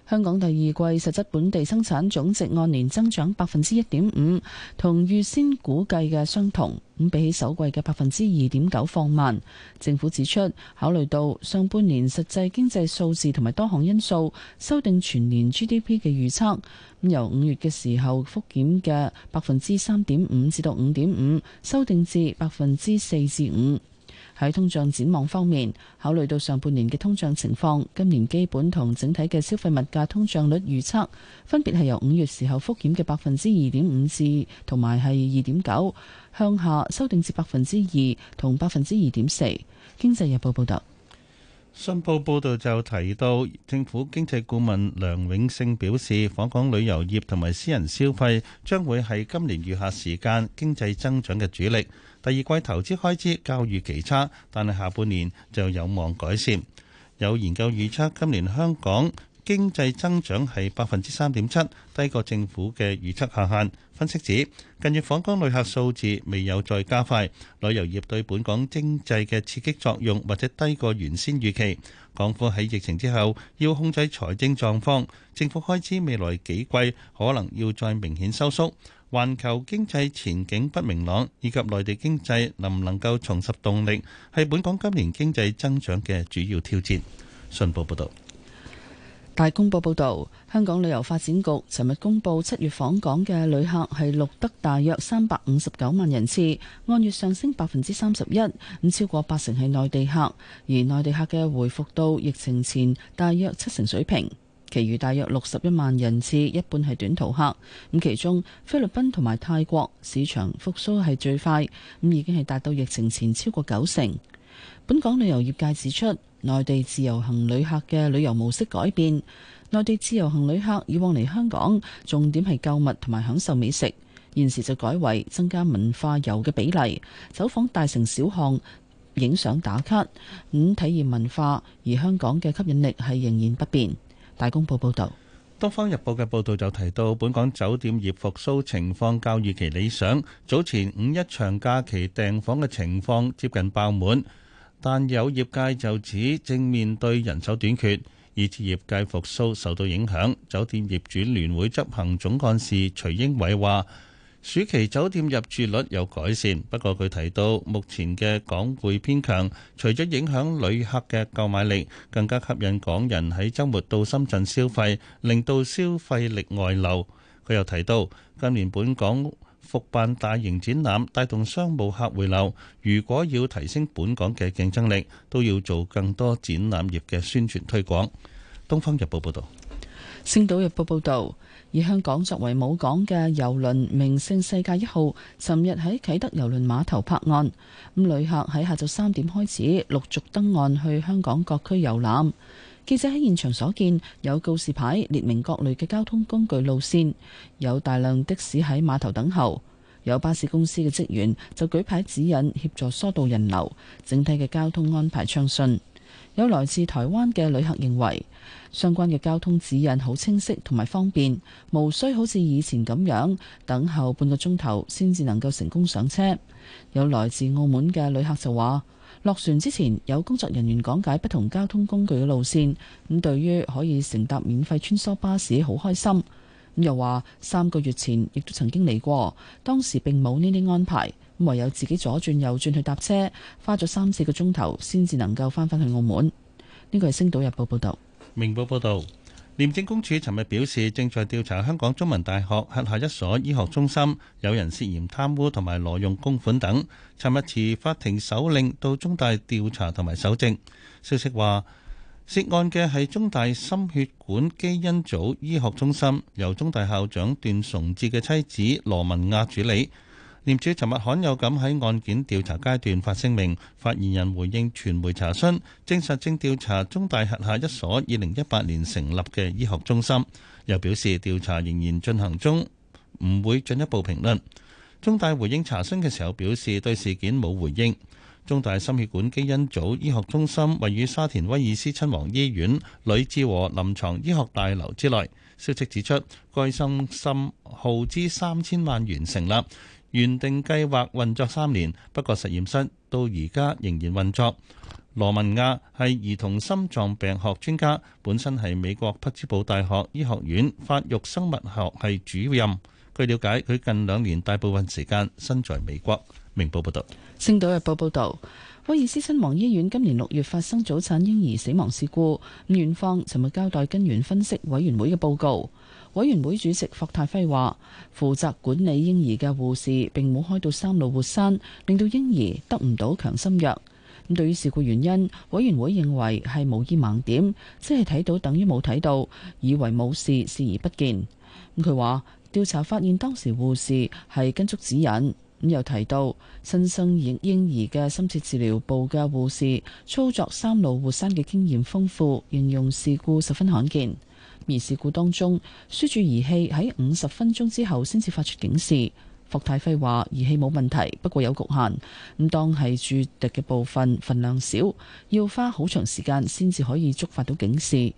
香港第二季實質本地生產總值按年增長百分之一點五，同預先估計嘅相同。咁比起首季嘅百分之二點九放慢，政府指出考慮到上半年實際經濟數字同埋多項因素修訂全年 GDP 嘅預測。咁由五月嘅時候復檢嘅百分之三點五至到五點五，修訂至百分之四至五。喺通脹展望方面，考慮到上半年嘅通脹情況，今年基本同整體嘅消費物價通脹率預測，分別係由五月時候覆檢嘅百分之二點五至同埋係二點九向下修訂至百分之二同百分之二點四。經濟日報報道，新報報道就提到，政府經濟顧問梁永勝表示，訪港旅遊業同埋私人消費將會係今年餘下時間經濟增長嘅主力。第二季投資開支較預期差，但係下半年就有望改善。有研究預測今年香港經濟增長係百分之三點七，低過政府嘅預測下限。分析指近月訪港旅客數字未有再加快，旅遊業對本港經濟嘅刺激作用或者低過原先預期。港府喺疫情之後要控制財政狀況，政府開支未來幾季可能要再明顯收縮。環球經濟前景不明朗，以及內地經濟能唔能夠重拾動力，係本港今年經濟增長嘅主要挑戰。信報報道。大公報報導，香港旅遊發展局尋日公布，七月訪港嘅旅客係錄得大約三百五十九萬人次，按月上升百分之三十一，咁超過八成係內地客，而內地客嘅回復到疫情前大約七成水平。其餘大約六十一萬人次，一半係短途客。咁其中菲律賓同埋泰國市場復蘇係最快，咁已經係達到疫情前超過九成。本港旅遊業界指出，內地自由行旅客嘅旅遊模式改變，內地自由行旅客以往嚟香港重點係購物同埋享受美食，現時就改為增加文化遊嘅比例，走訪大城小巷，影相打卡，咁體驗文化。而香港嘅吸引力係仍然不變。大公報報道，東方日報嘅報道就提到，本港酒店業復蘇情況較預期理想。早前五一長假期訂房嘅情況接近爆滿，但有業界就指正面對人手短缺，以致業界復蘇受到影響。酒店業主聯會執行總幹事徐英偉話。暑期酒店入住率有改善，不過佢提到目前嘅港匯偏強，除咗影響旅客嘅購買力，更加吸引港人喺周末到深圳消費，令到消費力外流。佢又提到近年本港復辦大型展覽帶動商務客回流。如果要提升本港嘅競爭力，都要做更多展覽業嘅宣傳推廣。東方日報報道。星島日報報道。以香港作為母港嘅遊輪名勝世界一號，尋日喺啟德郵輪碼頭泊岸，咁旅客喺下晝三點開始陸續登岸去香港各區遊覽。記者喺現場所見，有告示牌列明各類嘅交通工具路綫，有大量的士喺碼頭等候，有巴士公司嘅職員就舉牌指引協助疏導人流，整體嘅交通安排暢順。有來自台灣嘅旅客認為，相關嘅交通指引好清晰同埋方便，無需好似以前咁樣，等候半個鐘頭先至能夠成功上車。有來自澳門嘅旅客就話，落船之前有工作人員講解不同交通工具嘅路線，咁對於可以乘搭免費穿梭巴士好開心。又話三個月前亦都曾經嚟過，當時並冇呢啲安排，唯有自己左轉右轉去搭車，花咗三四個鐘頭先至能夠翻返去澳門。呢個係《星島日報》報道。《明報》報道，廉政公署尋日表示正在調查香港中文大學轄下一所醫學中心有人涉嫌貪污同埋挪用公款等，尋日持法庭手令到中大調查同埋搜證。消息話。涉案嘅係中大心血管基因組醫學中心，由中大校長段崇智嘅妻子羅文亞處理。廉署尋日罕有咁喺案件調查階段發聲明。發言人回應傳媒查詢，證實正調查中大轄下一所二零一八年成立嘅醫學中心，又表示調查仍然進行中，唔會進一步評論。中大回應查詢嘅時候表示對事件冇回應。中大心血管基因組醫學中心位於沙田威爾斯親王醫院呂志和臨床醫學大樓之內，消息指出，該中心耗資三千萬元成立，原定計劃運作三年，不過實驗室到而家仍然運作。羅文亞係兒童心臟病學專家，本身係美國匹茲堡大學醫學院發育生物學系主任。據了解，佢近兩年大部分時間身在美國。明報報道，星島日報報道，威爾斯親王醫院今年六月發生早產嬰兒死亡事故。院方尋日交代根源分析委員會嘅報告，委員會主席霍泰輝話，負責管理嬰兒嘅護士並冇開到三路活山，令到嬰兒得唔到強心藥。咁對於事故原因，委員會認為係無意盲點，即係睇到等於冇睇到，以為冇事視而不見。佢話調查發現當時護士係跟足指引。咁又提到新生嬰嬰兒嘅深切治療部嘅護士操作三路活栓嘅經驗豐富，形容事故十分罕見。而事故當中，輸注儀器喺五十分鐘之後先至發出警示。霍太輝話，儀器冇問題，不過有局限。咁當係注滴嘅部分份量少，要花好長時間先至可以觸發到警示。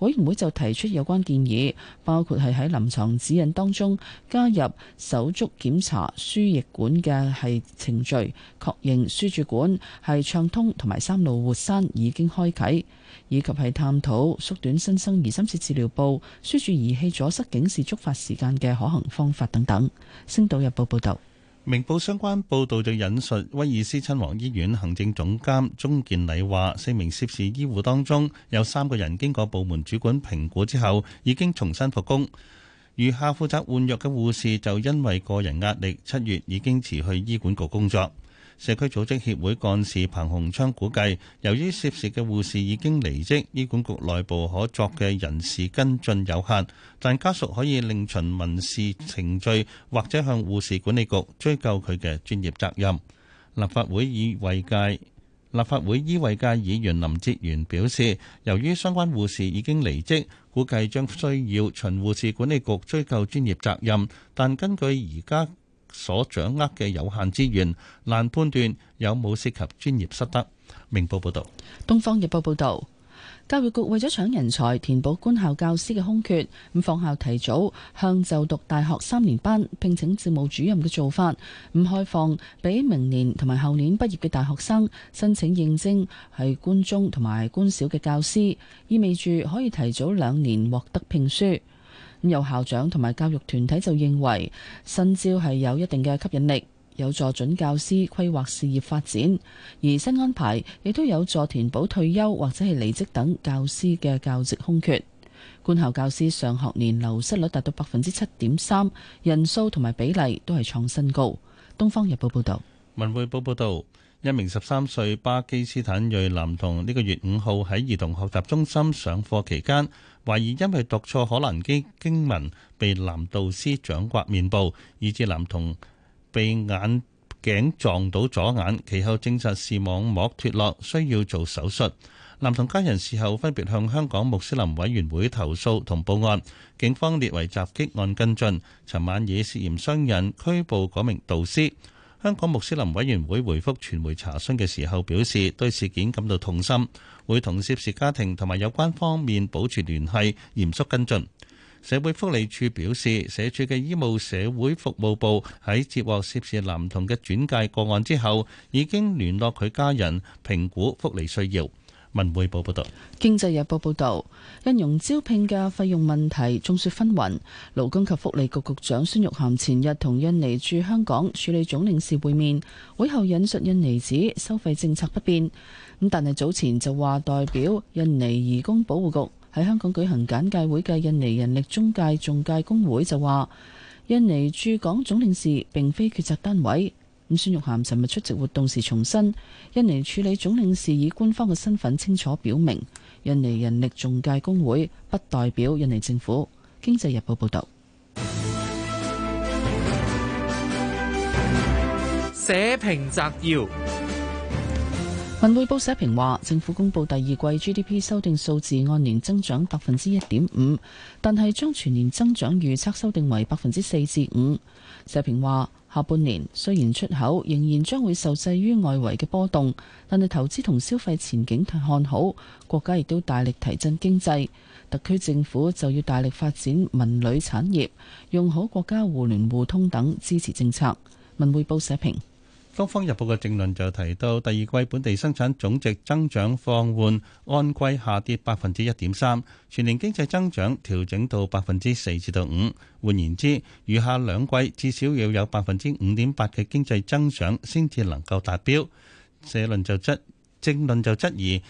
委員會，會就提出有關建議，包括係喺臨床指引當中加入手足檢查輸液管嘅係程序，確認輸注管係暢通同埋三路活塞已經開啟，以及係探討縮短新生兒深切治療部輸注儀器阻塞警示觸發時間嘅可行方法等等。星島日報報道。明報相關報導就引述威爾斯親王醫院行政總監鍾健禮話：四名涉事醫護當中有三個人經過部門主管評估之後已經重新復工，餘下負責換藥嘅護士就因為個人壓力，七月已經辭去醫管局工作。社區組織協會幹事彭鴻昌估計，由於涉事嘅護士已經離職，醫管局內部可作嘅人事跟進有限，但家屬可以另循民事程序，或者向護士管理局追究佢嘅專業責任。立法會醫衞界立法會醫衞界議員林哲玄表示，由於相關護士已經離職，估計將需要循護士管理局追究專業責任，但根據而家所掌握嘅有限資源，難判斷有冇涉及專業失德。明報報道，東方日報報道，教育局為咗搶人才，填補官校教師嘅空缺，咁放校提早向就讀大學三年班聘請職務主任嘅做法，唔開放俾明年同埋後年畢業嘅大學生申請應徵係官中同埋官小嘅教師，意味住可以提早兩年獲得聘書。咁有校長同埋教育團體就認為，新招係有一定嘅吸引力，有助準教師規劃事業發展；而新安排亦都有助填補退休或者係離職等教師嘅教職空缺。官校教師上學年流失率達到百分之七點三，人數同埋比例都係創新高。《東方日報》報道。《文匯報》報道，一名十三歲巴基斯坦裔男童呢個月五號喺兒童學習中心上課期間，懷疑因為讀錯可蘭經經文，被男導師掌摑面部，以致男童被眼鏡撞到左眼，其後證實視網膜脫落，需要做手術。男童家人事後分別向香港穆斯林委員會投訴同報案，警方列為襲擊案跟進。尋晚以涉嫌傷人拘捕嗰名導師。香港穆斯林委員會回覆傳媒查詢嘅時候表示，對事件感到痛心，會同涉事家庭同埋有關方面保持聯繫，嚴肅跟進。社會福利署表示，社署嘅醫務社會服務部喺接獲涉事男童嘅轉介個案之後，已經聯絡佢家人，評估福利需要。文匯報道，《經濟日報》報道，印傭招聘嘅費用問題眾說紛紜。勞工及福利局局長孫玉菡前日同印尼駐香港處理總領事會面，會後引述印尼指收費政策不變。咁但係早前就話代表印尼移工保護局喺香港舉行簡介會嘅印尼人力中介仲介工會就話，印尼駐港總領事並非決策單位。咁孫玉菡尋日出席活動時重申，印尼處理總領事以官方嘅身份清楚表明，印尼人力仲介工會不代表印尼政府。經濟日報報道。社評摘要：文匯報社評話，政府公布第二季 GDP 修訂數字，按年增長百分之一點五，但係將全年增長預測修訂為百分之四至五。社評話。下半年雖然出口仍然將會受制於外圍嘅波動，但係投資同消費前景看好，國家亦都大力提振經濟，特區政府就要大力發展文旅產業，用好國家互聯互通等支持政策。文匯報社評。《東方日報》嘅政論就提到，第二季本地生產總值增長放緩，按季下跌百分之一點三，全年經濟增長調整到百分之四至到五。換言之，餘下兩季至少要有百分之五點八嘅經濟增長先至能夠達標。社論就質，政論就質疑，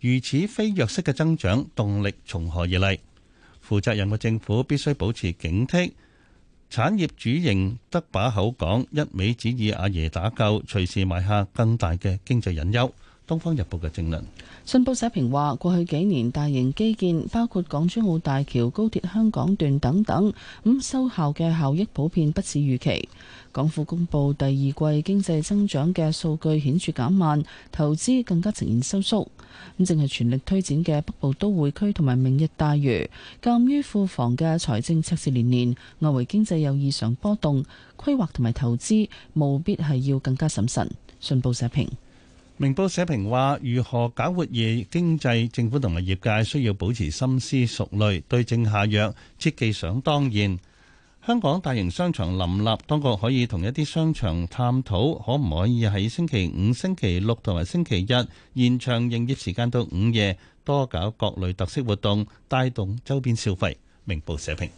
如此非弱式嘅增長動力從何而嚟？負責任嘅政府必須保持警惕。產業主營得把口講，一味指意阿爺打救，隨時埋下更大嘅經濟隱憂。《東方日報》嘅正論，信報社評話，過去幾年大型基建，包括港珠澳大橋、高鐵香港段等等，咁收效嘅效益普遍不似預期。港府公布第二季經濟增長嘅數據顯著減慢，投資更加呈現收縮。咁正係全力推展嘅北部都會區同埋明日大嶼，鑒於庫房嘅財政赤字年年，外圍經濟有異常波動，規劃同埋投資務必係要更加審慎。信報社評。明報社評話：如何搞活夜經濟，政府同埋業界需要保持深思熟慮，對症下藥，切忌想當然。香港大型商場林立，當局可以同一啲商場探討，可唔可以喺星期五、星期六同埋星期日延長營業時間到午夜，多搞各類特色活動，帶動周邊消費。明報社評。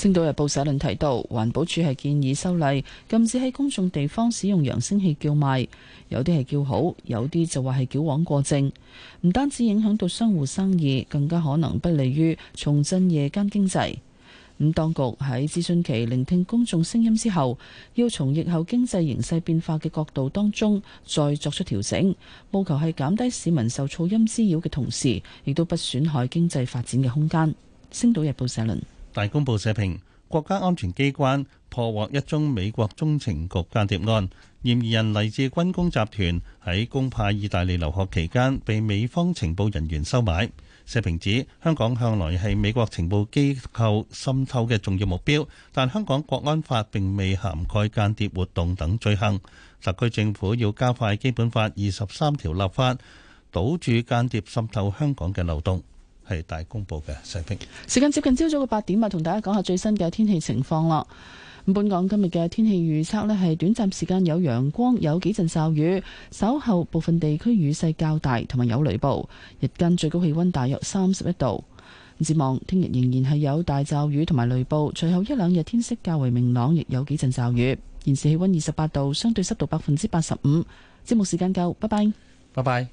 星島日報社論提到，環保署係建議修例禁止喺公眾地方使用揚聲器叫賣，有啲係叫好，有啲就話係矯枉過正，唔單止影響到商戶生意，更加可能不利於重振夜間經濟。咁、嗯，當局喺諮詢期聆聽公眾聲音之後，要從疫後經濟形勢變化嘅角度當中再作出調整，務求係減低市民受噪音滋擾嘅同時，亦都不損害經濟發展嘅空間。星島日報社論。大公報社評：國家安全機關破獲一宗美國中情局間諜案，嫌疑人嚟自軍工集團，喺公派意大利留學期間被美方情報人員收買。社評指，香港向來係美國情報機構滲透嘅重要目標，但香港國安法並未涵蓋間諜活動等罪行。特區政府要加快基本法二十三條立法，堵住間諜滲透香港嘅漏洞。係大公布嘅社評，時間接近朝早嘅八點啊，同大家講下最新嘅天氣情況啦。本港今日嘅天氣預測呢，係短暫時間有陽光，有幾陣驟雨，稍後部分地區雨勢較大，同埋有雷暴。日間最高氣溫大約三十一度。展望聽日仍然係有大驟雨同埋雷暴，隨後一兩日天色較為明朗，亦有幾陣驟雨。現時氣溫二十八度，相對濕度百分之八十五。節目時間夠，拜拜，拜拜。